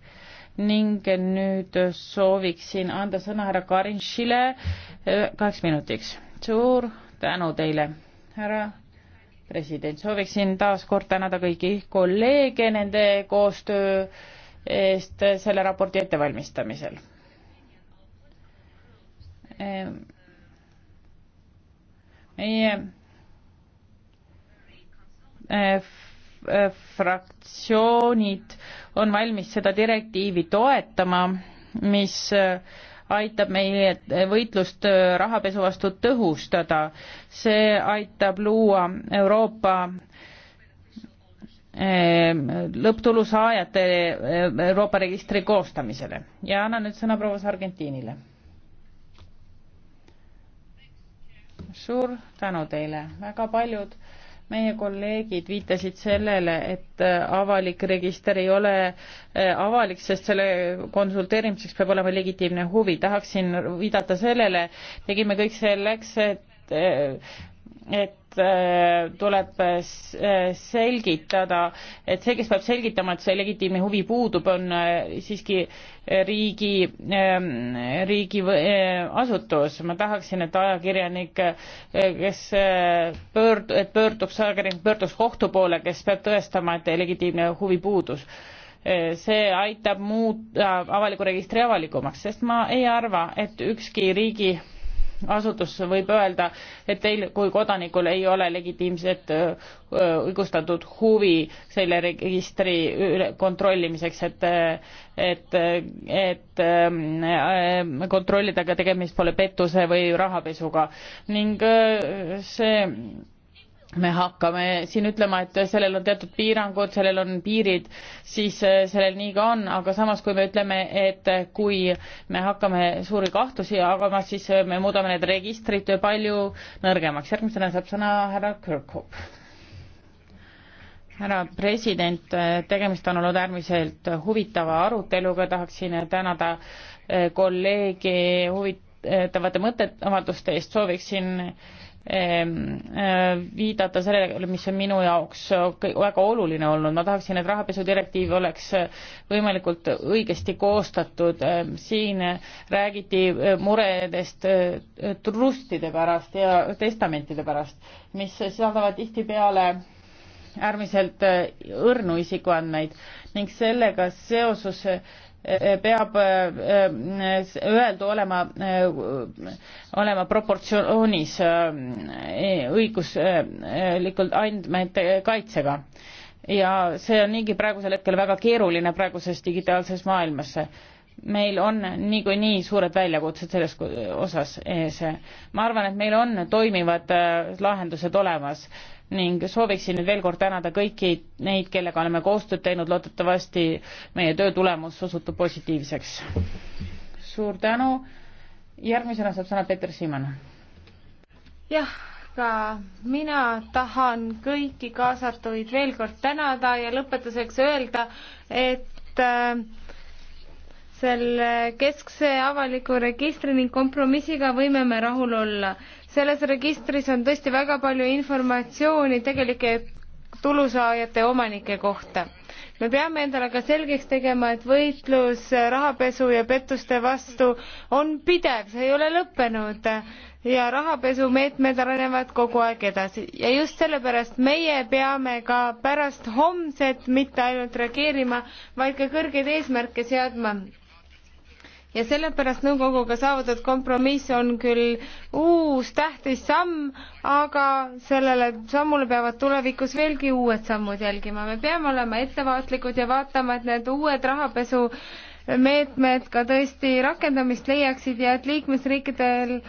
ning nüüd sooviksin anda sõna härra Karinšile äh, kaheks minutiks. suur tänu teile, härra president, sooviksin taas kord tänada kõiki kolleege nende koostöö eest selle raporti ettevalmistamisel. Ehm, meie äh, fraktsioonid on valmis seda direktiivi toetama, mis aitab meie võitlust rahapesu vastu tõhustada. see aitab luua Euroopa eh, lõpptulu saajate eh, Euroopa registri koostamisele ja annan nüüd sõna proua Sargentiinile. suur tänu teile, väga paljud äh, meie kolleegid viitasid sellele, et äh, avalik register ei ole äh, avalik, sest selle konsulteerimiseks peab olema legitiimne huvi. tahaksin viidata sellele, tegime kõik selleks, et, äh, et Äh, tuleb äh, selgitada, et see, kes peab selgitama, et see legitiimne huvi puudub, on äh, siiski riigi, ähm, riigi asutus. ma tahaksin, et ajakirjanik, kes pöörd-, et pöörduks, ajakirjanik pöörduks kohtu poole, kes peab tõestama, et legitiimne huvi puudus see aitab muuta avaliku registri avalikumaks, sest ma ei arva, et ükski riigi asutus võib öelda, et teil kui kodanikul ei ole legitiimset õigustatud huvi selle registri üle kontrollimiseks, et et, et ähm, kontrollida, aga tegemist pole pettuse või rahapesuga ning see me hakkame siin ütlema, et sellel on teatud piirangud, sellel on piirid, siis eh, sellel nii ka on, aga samas, kui me ütleme, et kui me hakkame suuri kahtlusi jagama, siis eh, me muudame need registrid palju nõrgemaks. järgmisena saab sõna härra Kirkhope. härra president, eh, tegemist on olnud äärmiselt huvitava aruteluga, tahaksin tänada kolleegi huvitavate mõtteavalduste eest, sooviksin äh, Ehm, äh, viidata sellele, mis on minu jaoks äh, väga oluline olnud, ma tahaksin, et rahapesudirektiiv oleks äh, võimalikult õigesti koostatud, ehm, siin räägiti muredest trustide pärast ja testamentide pärast, mis sisaldavad tihtipeale äärmiselt õrnu isikuandmeid ning sellega seoses peab eh, öeldu olema, eh, olema proportsioonis eh, õiguslikult andmete kaitsega. ja see on niigi praegusel hetkel väga keeruline praeguses digitaalses maailmas meil on niikuinii suured väljakutsed selles osas ees. ma arvan, et meil on toimivad lahendused olemas ning sooviksin nüüd veel kord tänada kõiki neid, kellega oleme koostööd teinud, loodetavasti meie töö tulemus osutub positiivseks. suur tänu, järgmisena saab sõna Peeter Siimann. jah, ka mina tahan kõiki kaasatuid veel kord tänada ja lõpetuseks öelda, et äh, selle keskse avaliku registri ning kompromissiga võime me rahul olla selles registris on tõesti väga palju informatsiooni tegelike tulusaajate omanike kohta. me peame endale ka selgeks tegema, et võitlus rahapesu ja pettuste vastu on pidev, see ei ole lõppenud ja rahapesumeetmed arenevad kogu aeg edasi ja just sellepärast meie peame ka pärast homset mitte ainult reageerima, vaid ka kõrgeid eesmärke seadma ja sellepärast nõukoguga saavutatud kompromiss on küll uus tähtis samm, aga sellele sammule peavad tulevikus veelgi uued sammud jälgima. me peame olema ettevaatlikud ja vaatama, et need uued rahapesu meetmed ka tõesti rakendamist leiaksid ja et liikmesriikidel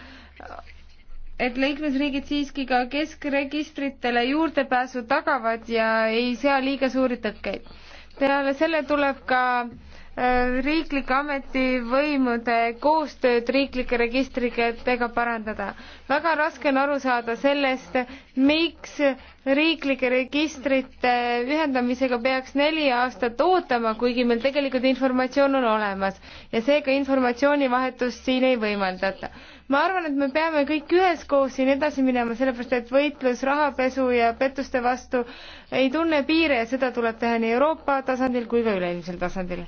et liikmesriigid siiski ka keskregistritele juurdepääsu tagavad ja ei sea liiga suuri tõkkeid. peale selle tuleb ka Äh, riiklike ametivõimude koostööd riiklike registritega parandada. väga raske on aru saada sellest, miks riiklike registrite ühendamisega peaks neli aastat ootama, kuigi meil tegelikult informatsioon on olemas ja seega informatsioonivahetust siin ei võimaldata ma arvan, et me peame kõik üheskoos siin edasi minema, sellepärast et võitlus rahapesu ja pettuste vastu ei tunne piire ja seda tuleb teha nii Euroopa tasandil kui ka üleilmsel tasandil.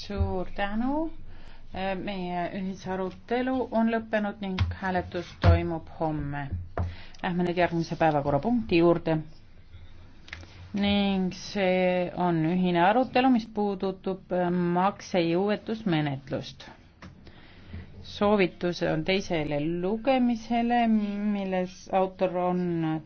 suur tänu. meie ühisarutelu on lõppenud ning hääletus toimub homme. Lähme nüüd järgmise päevakorrapunkti juurde ning see on ühine arutelu, mis puudutab maksejõuetusmenetlust soovitus on teisele lugemisele, milles autor on